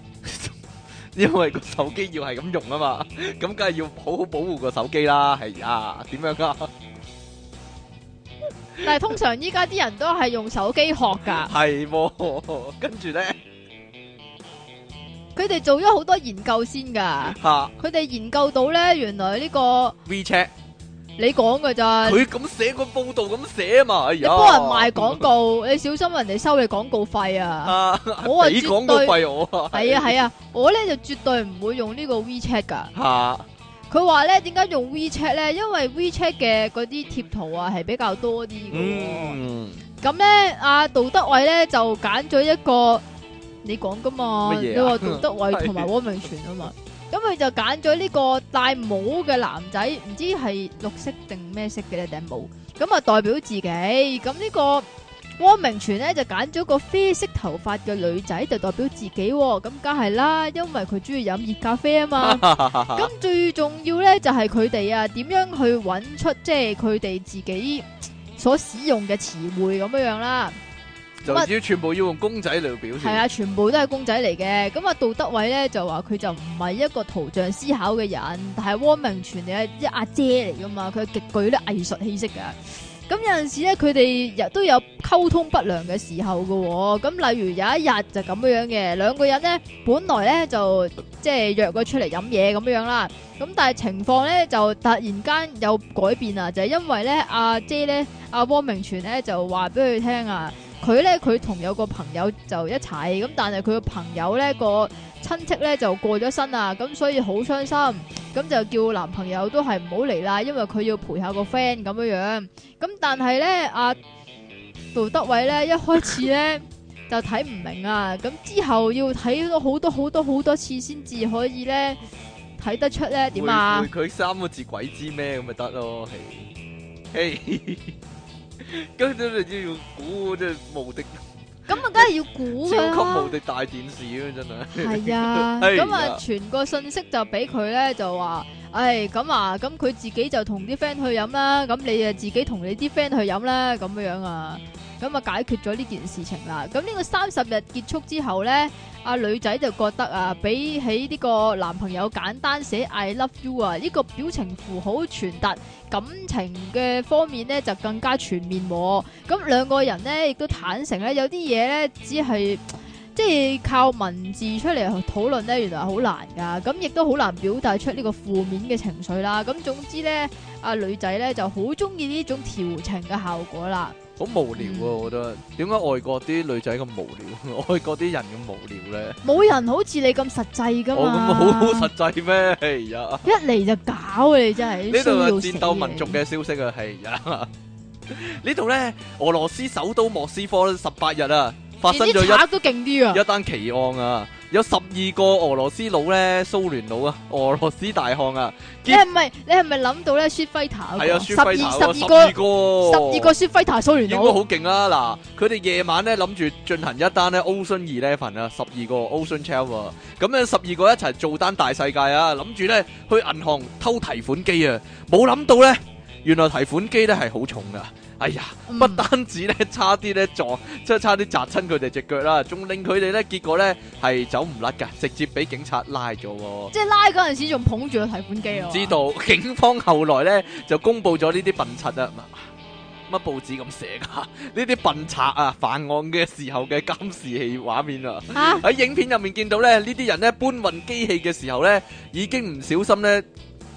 因為個手機要係咁用啊嘛，咁梗係要好好保護個手機啦。係啊，點樣噶？但係通常依家啲人都係用手機學噶。係，跟住咧，佢哋做咗好多研究先噶。吓，佢哋研究到咧，原來呢個 WeChat。你講噶咋？佢咁寫個報道咁寫嘛？哎呀！你幫人賣廣告， 你小心人哋收你廣告費啊！啊，你廣告費我係啊係啊，我咧就絕對唔會用呢個 WeChat 噶。吓，佢話咧點解用 WeChat 咧？因為 WeChat 嘅嗰啲貼圖啊係比較多啲嘅。嗯，咁咧阿杜德偉咧就揀咗一個你講噶嘛？麼你話杜德偉同埋汪明荃啊嘛？咁佢就揀咗呢個戴帽嘅男仔，唔知係綠色定咩色嘅咧頂帽，咁啊代表自己。咁呢個汪明荃咧就揀咗個啡色頭髮嘅女仔，就代表自己，哦。咁梗係啦，因為佢中意飲熱咖啡啊嘛。咁 最重要咧就係佢哋啊，點樣去搵出即係佢哋自己所使用嘅詞彙咁樣樣啦。嗯、就只要全部要用公仔嚟表現，係、嗯、啊，全部都係公仔嚟嘅。咁、嗯、啊，杜德偉咧就話佢就唔係一個圖像思考嘅人，但係汪明荃嚟係一阿姐嚟噶嘛，佢係極具啲藝術氣息噶。咁、嗯、有陣時咧，佢哋亦都有溝通不良嘅時候噶、哦。咁、嗯、例如有一日就咁樣樣嘅，兩個人咧本來咧就即係、就是、約佢出嚟飲嘢咁樣樣啦。咁、嗯、但係情況咧就突然間有改變、就是、啊，啊，啊，就係因為咧阿姐咧阿汪明荃咧就話俾佢聽啊。啊啊啊啊啊佢咧佢同有個朋友就一齊咁，但係佢個朋友咧個親戚咧就過咗身啊，咁、嗯、所以好傷心，咁、嗯、就叫男朋友都係唔好嚟啦，因為佢要陪下個 friend 咁樣樣。咁、嗯、但係咧阿杜德偉咧一開始咧就睇唔明啊，咁 之後要睇到好多好多好多次先至可以咧睇得出咧點啊？佢三個字鬼知咩咁咪得咯？嘿。Hey. Hey. 跟住你就要估，即係無敵。咁啊，梗係要估噶啦。超級無敵大電視真啊，真係。係啊，咁啊，傳、啊、個信息就俾佢咧，就話，哎，咁啊，咁佢自己就同啲 friend 去飲啦，咁你啊自己同你啲 friend 去飲啦，咁樣樣啊。咁啊，就解決咗呢件事情啦。咁呢個三十日結束之後呢，阿、啊、女仔就覺得啊，比起呢個男朋友簡單寫 I love you 啊，呢、這個表情符號傳達感情嘅方面呢，就更加全面喎。咁兩個人呢，亦都坦誠咧，有啲嘢咧，只係即係靠文字出嚟討論呢，原來係好難㗎。咁亦都好難表達出呢個負面嘅情緒啦。咁總之呢，阿、啊、女仔呢就好鍾意呢種調情嘅效果啦。好無聊啊！我覺得點解外國啲女仔咁無聊，外國啲人咁無聊咧？冇人好似你咁實際噶嘛？我咁好好實際咩？係啊！一嚟就搞啊！你真係呢度係戰鬥民族嘅消息啊！係啊你！是呀 呢度咧，俄羅斯首都莫斯科十八日啊，發生咗一單奇案啊！有十二個俄羅斯佬咧，蘇聯佬啊，俄羅斯大漢啊，你係咪你係咪諗到咧？Shufighter，係啊，Shufighter，十二十二個十二個 Shufighter，蘇聯應該好勁啊！嗱，佢哋夜晚咧諗住進行一單咧 Ocean Eleven 啊，十二個 Ocean Twelve 咁咧，十二個一齊做單大世界啊，諗住咧去銀行偷提款機啊，冇諗到咧，原來提款機咧係好重噶。哎呀，嗯、不單止咧，差啲咧撞，即係差啲砸親佢哋隻腳啦，仲令佢哋咧，結果咧係走唔甩噶，直接俾警察拉咗。即係拉嗰陣時，仲捧住個提款機啊！知道警方後來咧就公布咗呢啲笨賊啊，乜報紙咁寫噶？呢啲笨賊啊，犯案嘅時候嘅監視器畫面啊！喺、啊、影片入面見到咧，呢啲人咧搬運機器嘅時候咧，已經唔小心咧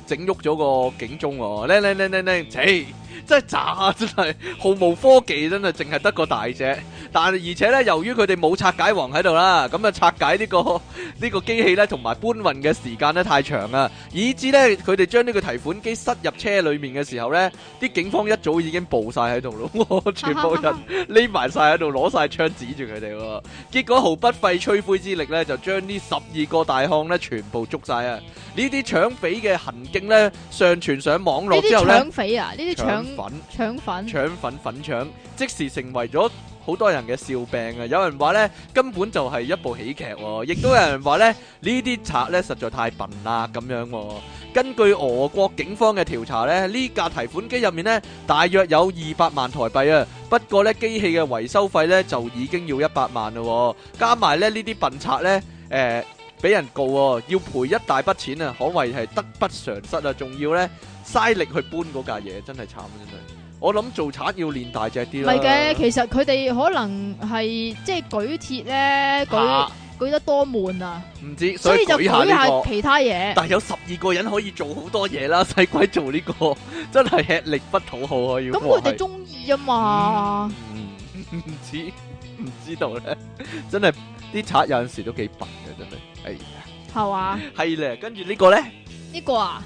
整喐咗個警鐘，ling l i n 真係渣啊，真係毫無科技，真係淨係得個大隻。但而且咧，由於佢哋冇拆解王喺度啦，咁啊拆解呢、這個呢、這個機器咧，同埋搬運嘅時間咧太長啊，以致咧佢哋將呢個提款機塞入車裏面嘅時候咧，啲警方一早已經佈晒喺度咯，我 全部人匿埋晒喺度，攞晒槍指住佢哋。結果毫不費吹灰之力咧，就將呢十二個大漢咧全部捉晒啊！搶呢啲搶匪嘅行徑咧，上傳上網絡之後咧，搶匪啊，呢啲搶粉搶粉搶粉粉搶，即時成為咗。好多人嘅笑柄啊！有人話呢根本就係一部喜劇，亦都有人話呢，呢啲賊呢實在太笨啦咁樣。根據俄國警方嘅調查呢，呢架提款機入面呢，大約有二百萬台幣啊。不過呢，機器嘅維修費呢就已經要一百萬嘞，加埋呢，呢啲笨賊呢，誒、呃、俾人告，要賠一大筆錢啊，可謂係得不償失啊！仲要呢嘥力去搬嗰架嘢，真係慘啊！真係。我諗做賊要練大隻啲囉。係嘅，其實佢哋可能係即係舉鐵咧，舉舉得多悶啊。唔知，所以就舉下其他嘢。但係有十二個人可以做好多嘢啦，使鬼做呢個？真係吃力不討好啊！要咁佢哋中意啊嘛。唔知唔知道咧？真係啲賊有陣時都幾笨嘅，真係係係哇？係咧，跟住呢個咧？呢個啊？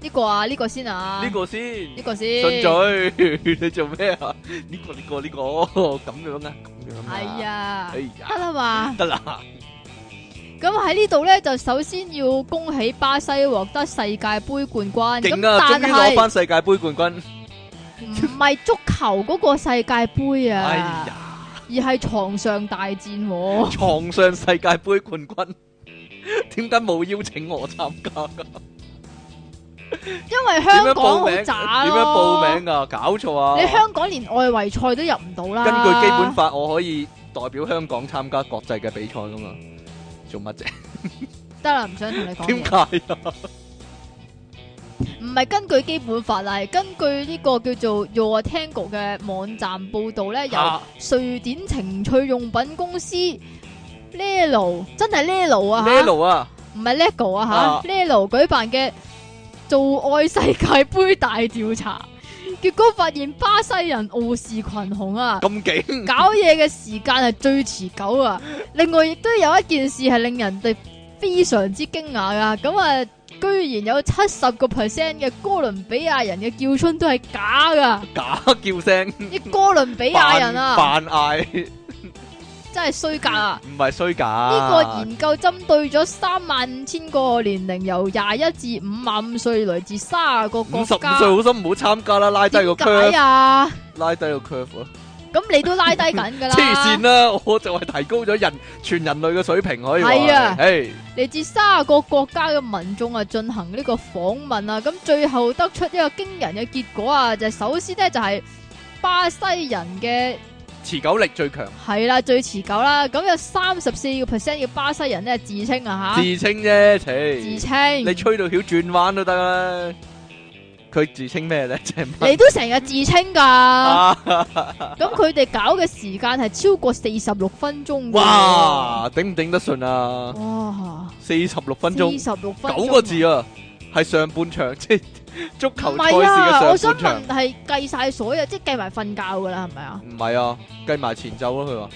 呢個啊，呢個先啊，呢個先，呢個先，順嘴，你做咩啊？呢個呢個呢個咁樣啊，咁樣啊，係啊，得啦嘛，得啦。咁喺呢度咧，就首先要恭喜巴西獲得世界杯冠軍。咁但係攞返世界杯冠軍，唔係足球嗰個世界杯啊，而係床上大戰喎。床上世界杯冠軍，點解冇邀請我參加㗎？因為香港好渣，點、啊、樣報名啊？搞錯啊！你香港連外圍賽都入唔到啦。根據基本法，我可以代表香港參加國際嘅比賽噶嘛？做乜啫？得 啦，唔想同你講。點解啊？唔係根據基本法啦，根據呢個叫做 Your Tango 嘅網站報道咧，由、啊、瑞典情趣用品公司 Lelo 真係 Lelo 啊吓 Lelo 啊，唔係 Lego 啊吓 Le、啊啊、lo 舉辦嘅。做愛世界杯大調查，結果發現巴西人傲視群雄啊！咁勁，搞嘢嘅時間係最持久啊！另外亦都有一件事係令人哋非常之驚訝噶，咁啊，居然有七十個 percent 嘅哥倫比亞人嘅叫春都係假噶，假叫聲，啲哥倫比亞人啊，扮嗌。真係衰假啊！唔係衰假、啊，呢個研究針對咗三萬五千個年齡由廿一至五十五歲，來自卅個國家。五十五歲好心唔好參加啦，拉低個 curve 啊！拉低個 curve，咁 你都拉低緊噶啦！黐線啦，我就係提高咗人全人類嘅水平可以係啊！誒 Hey，嚟自卅個國家嘅民眾啊，進行呢個訪問啊，咁最後得出一個驚人嘅結果啊！就係、首先呢，就係、是、巴西人嘅。持久力最強係啦，最持久啦。咁有三十四個 percent 嘅巴西人咧自稱啊吓，自稱啫、啊，啊、自稱自稱你吹到曉轉彎都得啦、啊。佢自稱咩咧？你都成日自稱噶。咁佢哋搞嘅時間係超過四十六分鐘。哇，頂唔頂得順啊？哇，四十六分鐘，四十六分鐘，九個字啊，係、啊、上半場。 足球賽事嘅上半場唔係啊，我想問係計晒所有，即係計埋瞓覺噶啦，係咪啊？唔係啊，計埋前奏咯。佢話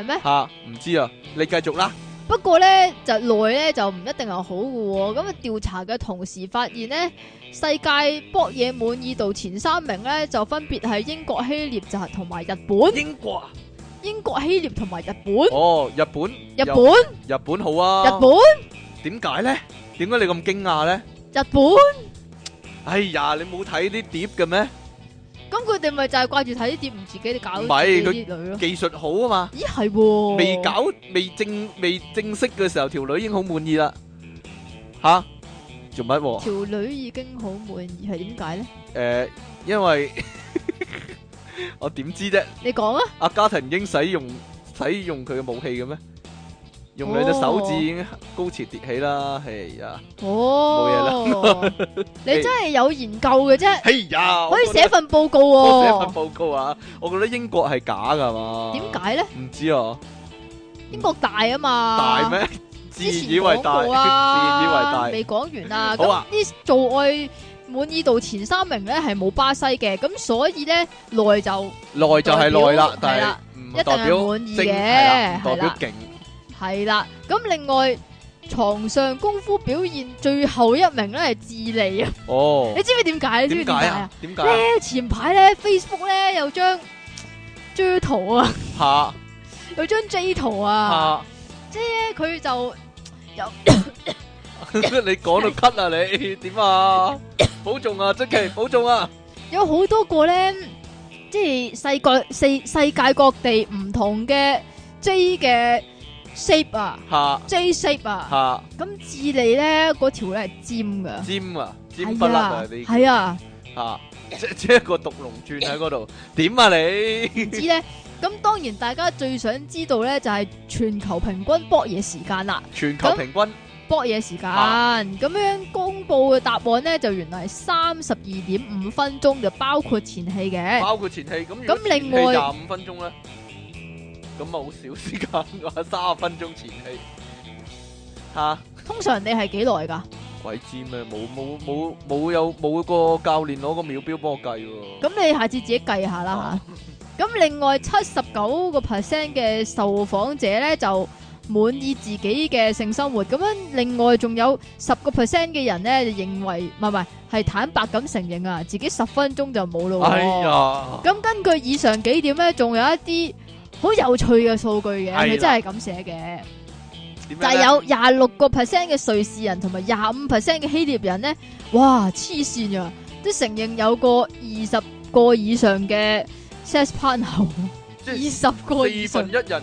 係咩？吓，唔知啊。你繼續啦。不過咧就耐咧就唔一定係好嘅。咁調查嘅同時發現咧，世界博野滿意度前三名咧就分別係英國、希臘就係同埋日本。英國？英國希臘同埋日本？哦，日本。日本。日本好啊。日本。點解咧？點解你咁驚訝咧？日本。哎呀，你冇睇啲碟嘅咩？咁佢哋咪就係掛住睇啲碟，唔自己嚟搞啲女咯。唔係，佢技術好啊嘛？咦，係喎。未搞未正未正式嘅時候，條女已經好滿意啦。吓，做乜？條女已經好滿意，係點解咧？誒，因為我點知啫？你講啊！阿家庭應使用使用佢嘅武器嘅咩？用兩隻手指已經高潮跌起啦。係呀，哦，冇嘢啦，你真係有研究嘅啫。係呀，可以寫份報告哦，寫份報告啊，我覺得英國係假噶係嘛？點解咧？唔知啊，英國大啊嘛，大咩？自以為大啦，自以為大，未講完啊，啲做愛滿意度前三名咧係冇巴西嘅，咁所以咧耐就耐就係耐啦，但係唔代表滿意嘅，代表勁。係啦，咁另外床上功夫表現最後一名咧係智利啊。哦，你知唔知點解？你知唔知點解啊？點解咧前排，咧 Facebook 咧有張 J 圖啊，吓、啊、有張 J 圖啊，啊即係佢就有 你講到咳 啊，你點啊？保重啊，積淇，保重啊！有好多個咧，即係世界四世界各地唔同嘅 J 嘅。Shape 啊，J shape 啊，咁智利咧，嗰條咧係尖嘅，尖啊，尖不立啊、這個，啲係啊，吓即係一個毒龍轉喺嗰度，點 啊你？知咧，咁當然大家最想知道咧就係全球平均搏嘢時間啦，全球平均搏嘢時間，咁 Ha. 樣公布嘅答案咧就原來係三十二點五分鐘，就包括前戲嘅，包括前戲，咁咁另外廿五分鐘咧。咁啊，好少時間噶，三十分鐘前戲吓。通常你係幾耐噶？鬼知咩？冇冇冇冇有冇個教練攞個秒表幫我計喎。咁你下次自己計下啦吓。咁另外七十九個 percent 嘅受訪者咧就滿意自己嘅性生活。咁樣另外仲有十個 percent 嘅人咧就認為唔係唔係係坦白咁承認啊，自己十分鐘就冇咯。哎呀！咁根據以上幾點咧，仲有一啲。好有趣嘅數據嘅，佢的真係咁寫嘅，但係有廿六個 percent 嘅瑞士人同埋廿五 percent 嘅希臘人咧，哇黐線啊，都承認有過二十個以上嘅 sex partner。 二十個以上，二分一人，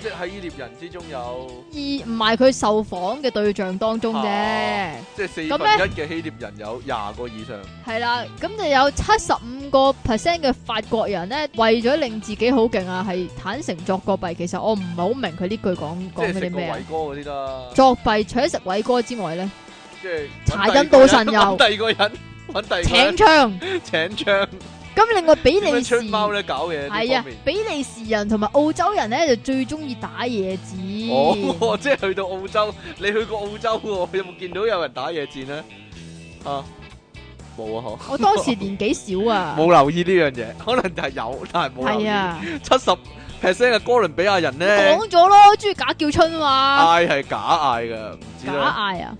即係希臘人之中有，而唔係佢受訪嘅對象當中啫。即係四分一嘅希臘人有廿個以上。係啦，咁就有七十五個 percent 嘅法國人咧，為咗令自己好勁啊，係坦誠作過弊。其實我唔係好明佢呢句講講佢啲咩啊。作弊除咗食偉哥之外咧，即係柴根杜神游。第二個人揾第二，請槍，請槍。咁另外比利，咩春貓咧搞嘅？係啊，比利時人同埋澳洲人咧、啊、就最中意打野戰。哦，oh, 即係去到澳洲，你去過澳洲喎、哦？有冇見到有人打野戰咧？啊，冇啊！嗬，我當時年紀少啊，冇 留意呢樣嘢，可能就係有，但係冇留意。係啊，七十 percent 嘅哥倫比亞人咧，講咗咯，中意假叫春話。嗌係假嗌嘅，唔知啦。假嗌啊！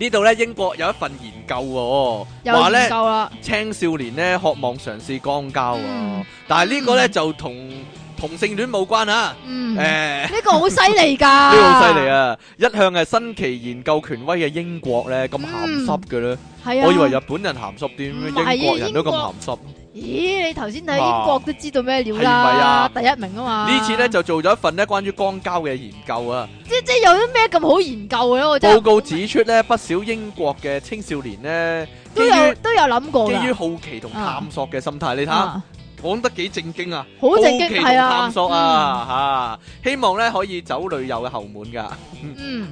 呢度呢，英國有一份研究喎、哦，話呢青少年呢，渴望嘗試肛交、啊，嗯、但係呢個呢，嗯、就同同性戀冇關啊。誒、嗯，呢、欸、個好犀利㗎，呢個好犀利啊！一向係新奇研究權威嘅英國呢，咁鹹濕嘅呢。嗯、我以為日本人鹹濕啲，嗯、英國人都咁鹹濕。咦，你頭先睇英國都知道咩料啦？第一名啊嘛！呢次咧就做咗一份咧關於肛交嘅研究啊！即即有啲咩咁好研究嘅我真係！報告指出咧，不少英國嘅青少年咧，都有都有諗過基於好奇同探索嘅心態。你睇下，講得幾正經啊！好正經！探索啊！吓，希望咧可以走旅遊嘅後門噶，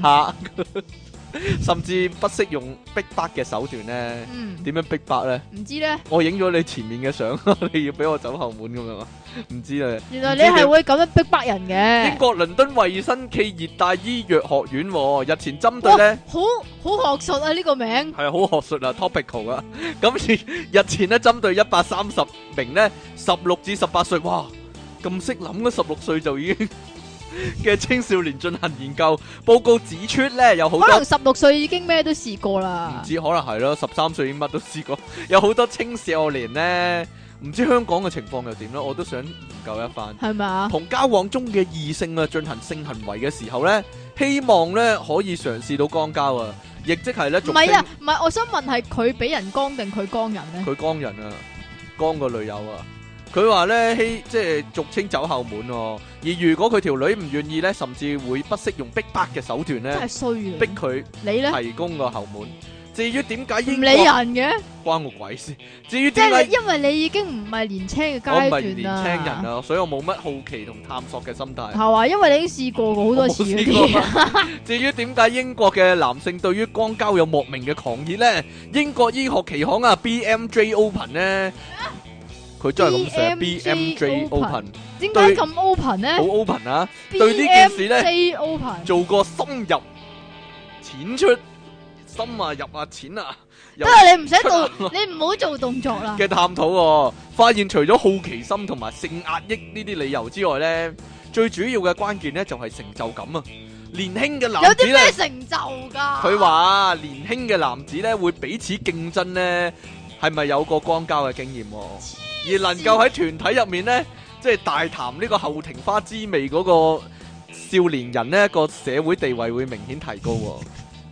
吓。甚至不惜用逼迫嘅手段咧，點、嗯、樣逼迫咧？唔知咧。我影咗你前面嘅相，你要俾我走後門咁樣啊？唔知啊。原來你係會咁樣逼迫人嘅。英國倫敦衛生暨熱帶醫藥學院、啊、日前針對咧，好好學術啊呢、這個名係好學術啊，topical 啊。今次、啊啊、 日前咧針對一百三十名咧，十六至十八歲，哇咁識諗啦，十六歲就已經。 嘅青少年進行研究報告指出咧，有好多可能十六歲已經咩都試過啦，唔知可能係咯，十三歲已經乜都試過， 有好多青少年咧，唔知香港嘅情況又點咧，我都想研究一番。係嘛吧，同交往中嘅異性啊進行性行為嘅時候咧，希望咧可以嘗試到肛交啊，亦即係咧，唔係啊，唔係，我想問係佢俾人肛定佢肛人咧？佢肛人啊，肛個女友啊。佢話咧，即係俗稱走後門，而如果佢條女唔願意咧，甚至會不惜用逼迫嘅手段咧，逼佢提供個後門。至於點解英唔理人嘅，關我鬼事。至於點解，因為你已經唔係年青嘅階段啦，年青人啊，所以我冇乜好奇同探索嘅心態。係啊，因為你已經試過好多次啦。至於點解英國嘅男性對於肛交有莫名嘅狂熱咧，英國醫學期刊啊，BMJ Open 咧。佢真係咁寫，BMJ Open，點解咁 open 咧？好 open 啊！對呢件事咧，做個深入淺出，深啊入啊淺啊。因為你唔使做，你唔好做動作啦。嘅探討，發現除咗好奇心同埋性壓抑呢啲理由之外咧，最主要嘅關鍵咧就係成就感啊！年輕嘅男子咧有啲咩成就噶？佢話年輕嘅男子咧會彼此競爭咧，係咪有個光交嘅經驗？而能夠喺團體入面呢，即係大談呢個後庭花滋味嗰個少年人，呢個社會地位會明顯提高喎。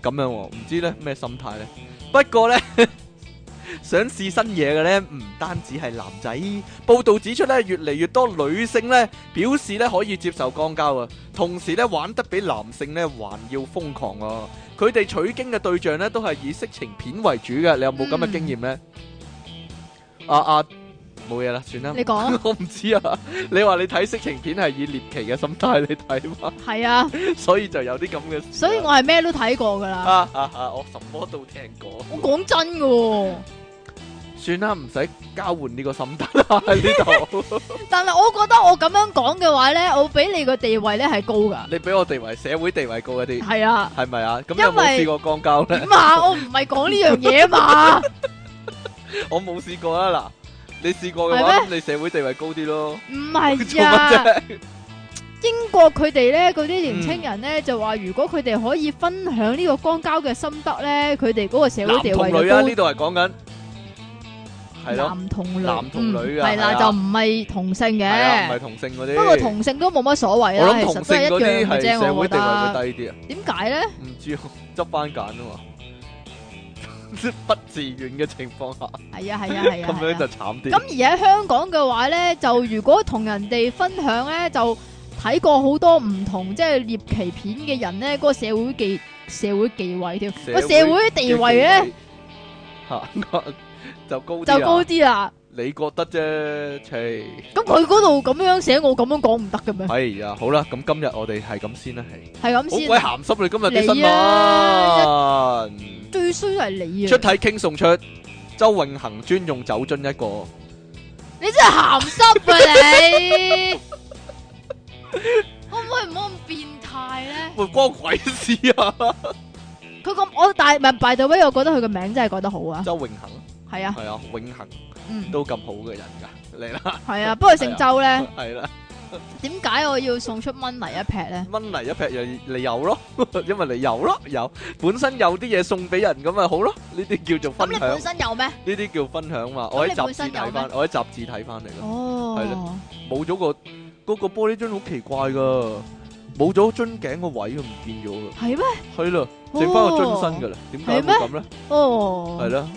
咁樣、哦，唔知呢咩心態呢？不過呢， 想試新嘢嘅呢，唔單止係男仔。報道指出呢，越嚟越多女性呢表示呢可以接受肛交啊，同時呢玩得比男性呢還要瘋狂啊！佢哋取經嘅對象呢都係以色情片為主嘅。你有冇咁嘅經驗呢？啊、嗯、啊！啊冇嘢啦，算啦。你講，我唔知啊。你話你睇色情片係以獵奇嘅心態嚟睇嘛？係啊，所以就有啲咁嘅。所以我係咩都睇過噶啦。啊啊啊！我什麼都聽過。我講真噶，算啦，唔使交換呢個心得喺呢度。但係我覺得我咁樣講嘅話咧，我比你個地位咧係高噶。你比我地位社會地位高一啲。係啊。係咪啊？咁有冇試過肛交咧？嘛，我唔係講呢樣嘢嘛。我冇試過啊嗱。你試過嘅話，你社會地位高啲咯。唔係呀，英國佢哋咧，嗰啲年青人咧就話，如果佢哋可以分享呢個肛交嘅心得咧，佢哋嗰個社會地位就高，男同女啊，呢度係講緊係啦，男同男同女啊，係啦，就唔係同性嘅，唔係同性嗰啲。不過同性都冇乜所謂啦，其實都一樣嘅啫。我覺得。社會地位會低啲啊？點解咧？唔知執番揀啊嘛？不自願嘅情況下，係啊係啊係啊，咁樣就慘啲。咁而喺香港嘅話咧，就如果同人哋分享咧，就睇過好多唔同即係獵奇片嘅人咧，個社會地社會地位添，個社會地位咧吓就高就高啲啦！你覺得啫？切咁佢嗰度咁樣寫，我咁樣講唔得嘅咩？係啊，好啦，咁今日我哋係咁先啦，係係咁先，好鬼鹹濕啊！你今日啲新聞。最衰係你啊！出體 King 送出，周永恒專用酒樽一個，你真係鹹濕啊！你可唔可以唔好咁變態咧？關我鬼事啊！佢咁我大唔係 by the way，我覺得佢個名真係改得好啊！周永恒係啊係啊，永恒嗯都咁好嘅人噶嚟啦，係啊，不過姓周咧，係啦。點解我要送出蚊泥一劈咧？蚊泥一劈又嚟，有咯，因為你有咯，有本身有啲嘢，送俾人咁咪好咯，呢啲叫做分享。咁你本身有咩？呢啲叫分享嘛？我喺雜誌睇翻，我喺雜誌睇翻嚟咯。哦，係咯，冇咗個嗰個玻璃樽好奇怪噶，冇咗樽頸個位唔見咗噶，係咩？係咯，剩翻個樽身噶啦。點解會咁咧？哦，係啦。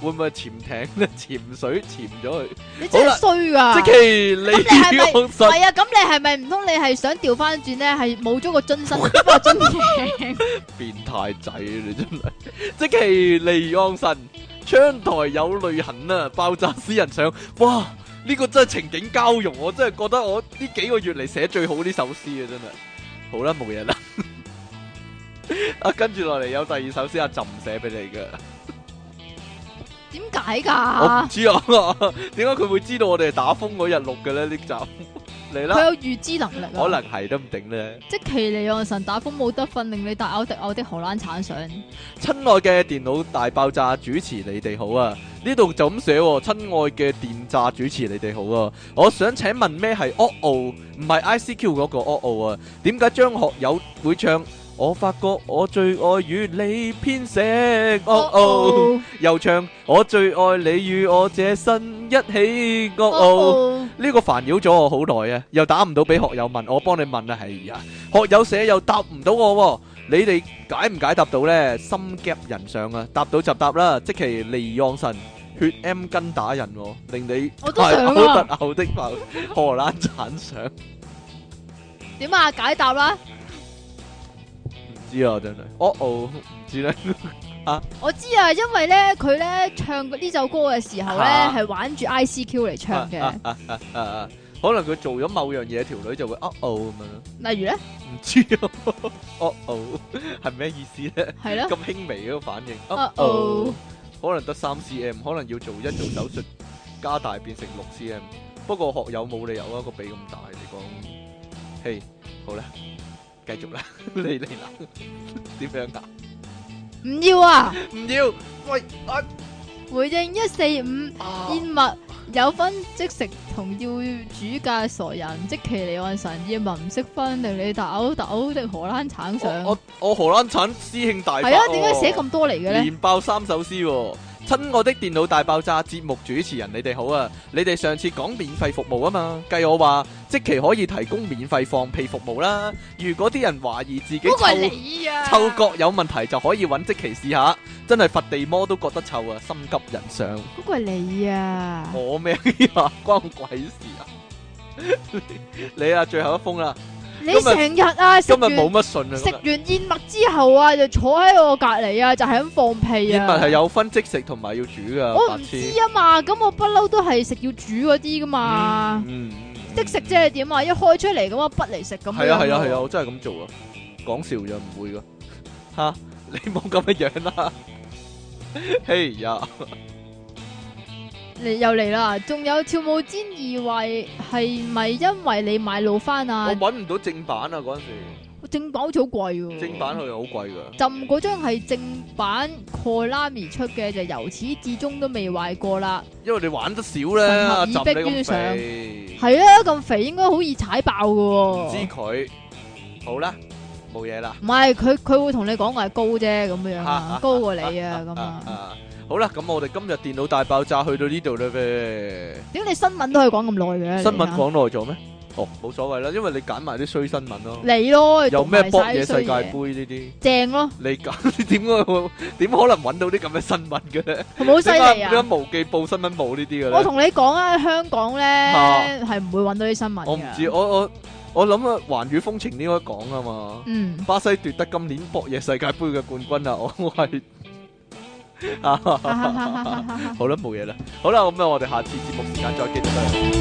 會唔會潛艇咧？潛水潛咗去，你真係衰啊！積淇離岸神，係啊！咁你係咪唔通你係想調翻轉呢？係冇咗個樽身，話樽頸變態仔你真係！積淇離岸神，窗台有淚痕啊！爆炸詩人想，哇！呢、這個真係情景交融，我真係覺得我呢幾個月嚟寫最好呢首詩啊！真係。好啦，冇嘢啦。 啊，跟住落嚟有第二首詩啊，朕寫俾你嘅。點解噶？我唔知啊，點解佢會知道我哋係打風嗰日錄嘅咧？呢集嚟啦，佢有預知能力，可能係都唔定咧。即係積淇離岸神打風冇得分，令你大咬迪奧的荷蘭鏟上。親愛嘅電腦大爆炸主持你哋好啊！呢度就咁寫喎。親愛嘅電炸主持你哋好啊！我想請問咩係 O O？唔係 I C Q 嗰個 O O 啊？點解張學友會唱？我發覺我最愛與你編寫，又唱我最愛你與我這身一起。呢個煩擾咗我好耐啊，又打唔到俾學友問，我幫你問啊。係呀，學友寫又答唔到我，你哋解唔解答到呢？心夾人上啊，答到就答啦。積淇離岸神血 M 根打人，令你係好特牛的牛荷蘭鏟上。點啊？解答啦！知啊，真係哦哦，唔知咧啊！我知啊，因為咧佢咧唱呢首歌嘅時候咧係玩住 ICQ 嚟唱嘅啊啊啊啊！可能佢做咗某樣嘢，條女就會哦哦咁樣咯。例如咧，唔知哦哦係咩意思咧？係咯，咁輕微嘅反應哦哦，可能得三 cm，可能要做一做手術加大變成六 cm。不過學友冇理由一個鼻咁大嚟講，嘿好啦。繼續啦，你嚟啦，點 樣答？唔要啊！唔 要。喂，啊、回應一四五。燕麥有分即食同要煮嘅傻人，即其離岸神燕麥唔識分，定你大嘔大嘔的荷蘭橙上。我我荷蘭橙師兄大。係啊，點解寫咁多嚟嘅咧？連爆三首詩、啊。親愛的電腦大爆炸節目主持人，你哋好啊！你哋上次講免費服務啊嘛，計我話即期可以提供免費放屁服務啦。如果啲人懷疑自己臭，啊、嗅覺有問題，就可以揾即期試下。真係佛地魔都覺得臭啊，心急人上。嗰個係你啊！我咩啊？關我鬼事啊！你 啊，最後一封啦。你成日啊，今日冇乜信啊，食完燕麥之後啊，就坐喺我隔籬啊，就係咁放屁啊！燕麥係有分即食同埋要煮噶，我唔知啊嘛。咁我不嬲都係食要煮嗰啲噶嘛。嗯，即食即係點啊？一開出嚟咁啊，不嚟食咁。係啊係啊係啊，我真係咁做啊！講笑又唔會噶，吓你冇咁嘅樣啦。嘿呀！又嚟啦！仲有跳舞氈為。二壞係咪因為你買老翻啊？我揾唔到正版啊！嗰陣時，正版好似好貴喎。正版佢又好貴噶。朕嗰張係正版，Konami 出嘅就由始至終都未壞過啦。因為你玩得少咧，浸逼啲肥係啊！咁肥應該好易踩爆噶。唔知佢好啦，冇嘢啦。唔係佢，佢會同你講話係高啫，咁樣啊，啊高過你啊，咁啊。啊啊啊好啦，咁我哋今日電腦大爆炸去到呢度啦唄。點解你新聞都可以講咁耐嘅？新聞講耐咗咩？哦，冇所謂啦，因為你揀埋啲衰新聞咯。你咯，有咩博野世界杯呢啲？正咯。你揀點會點可能揾到啲咁嘅新聞嘅？係咪好犀利啊！點解無記報新聞冇呢啲嘅咧？我同你講啊，香港咧係唔會揾到啲新聞。我唔知，我我我諗啊，寰宇風情應該講啊嘛。嗯。巴西奪得今年博野世界杯嘅冠軍啊！我我係。好啦，冇嘢啦，好啦，咁啊，我哋下次節目時間再見。拜拜。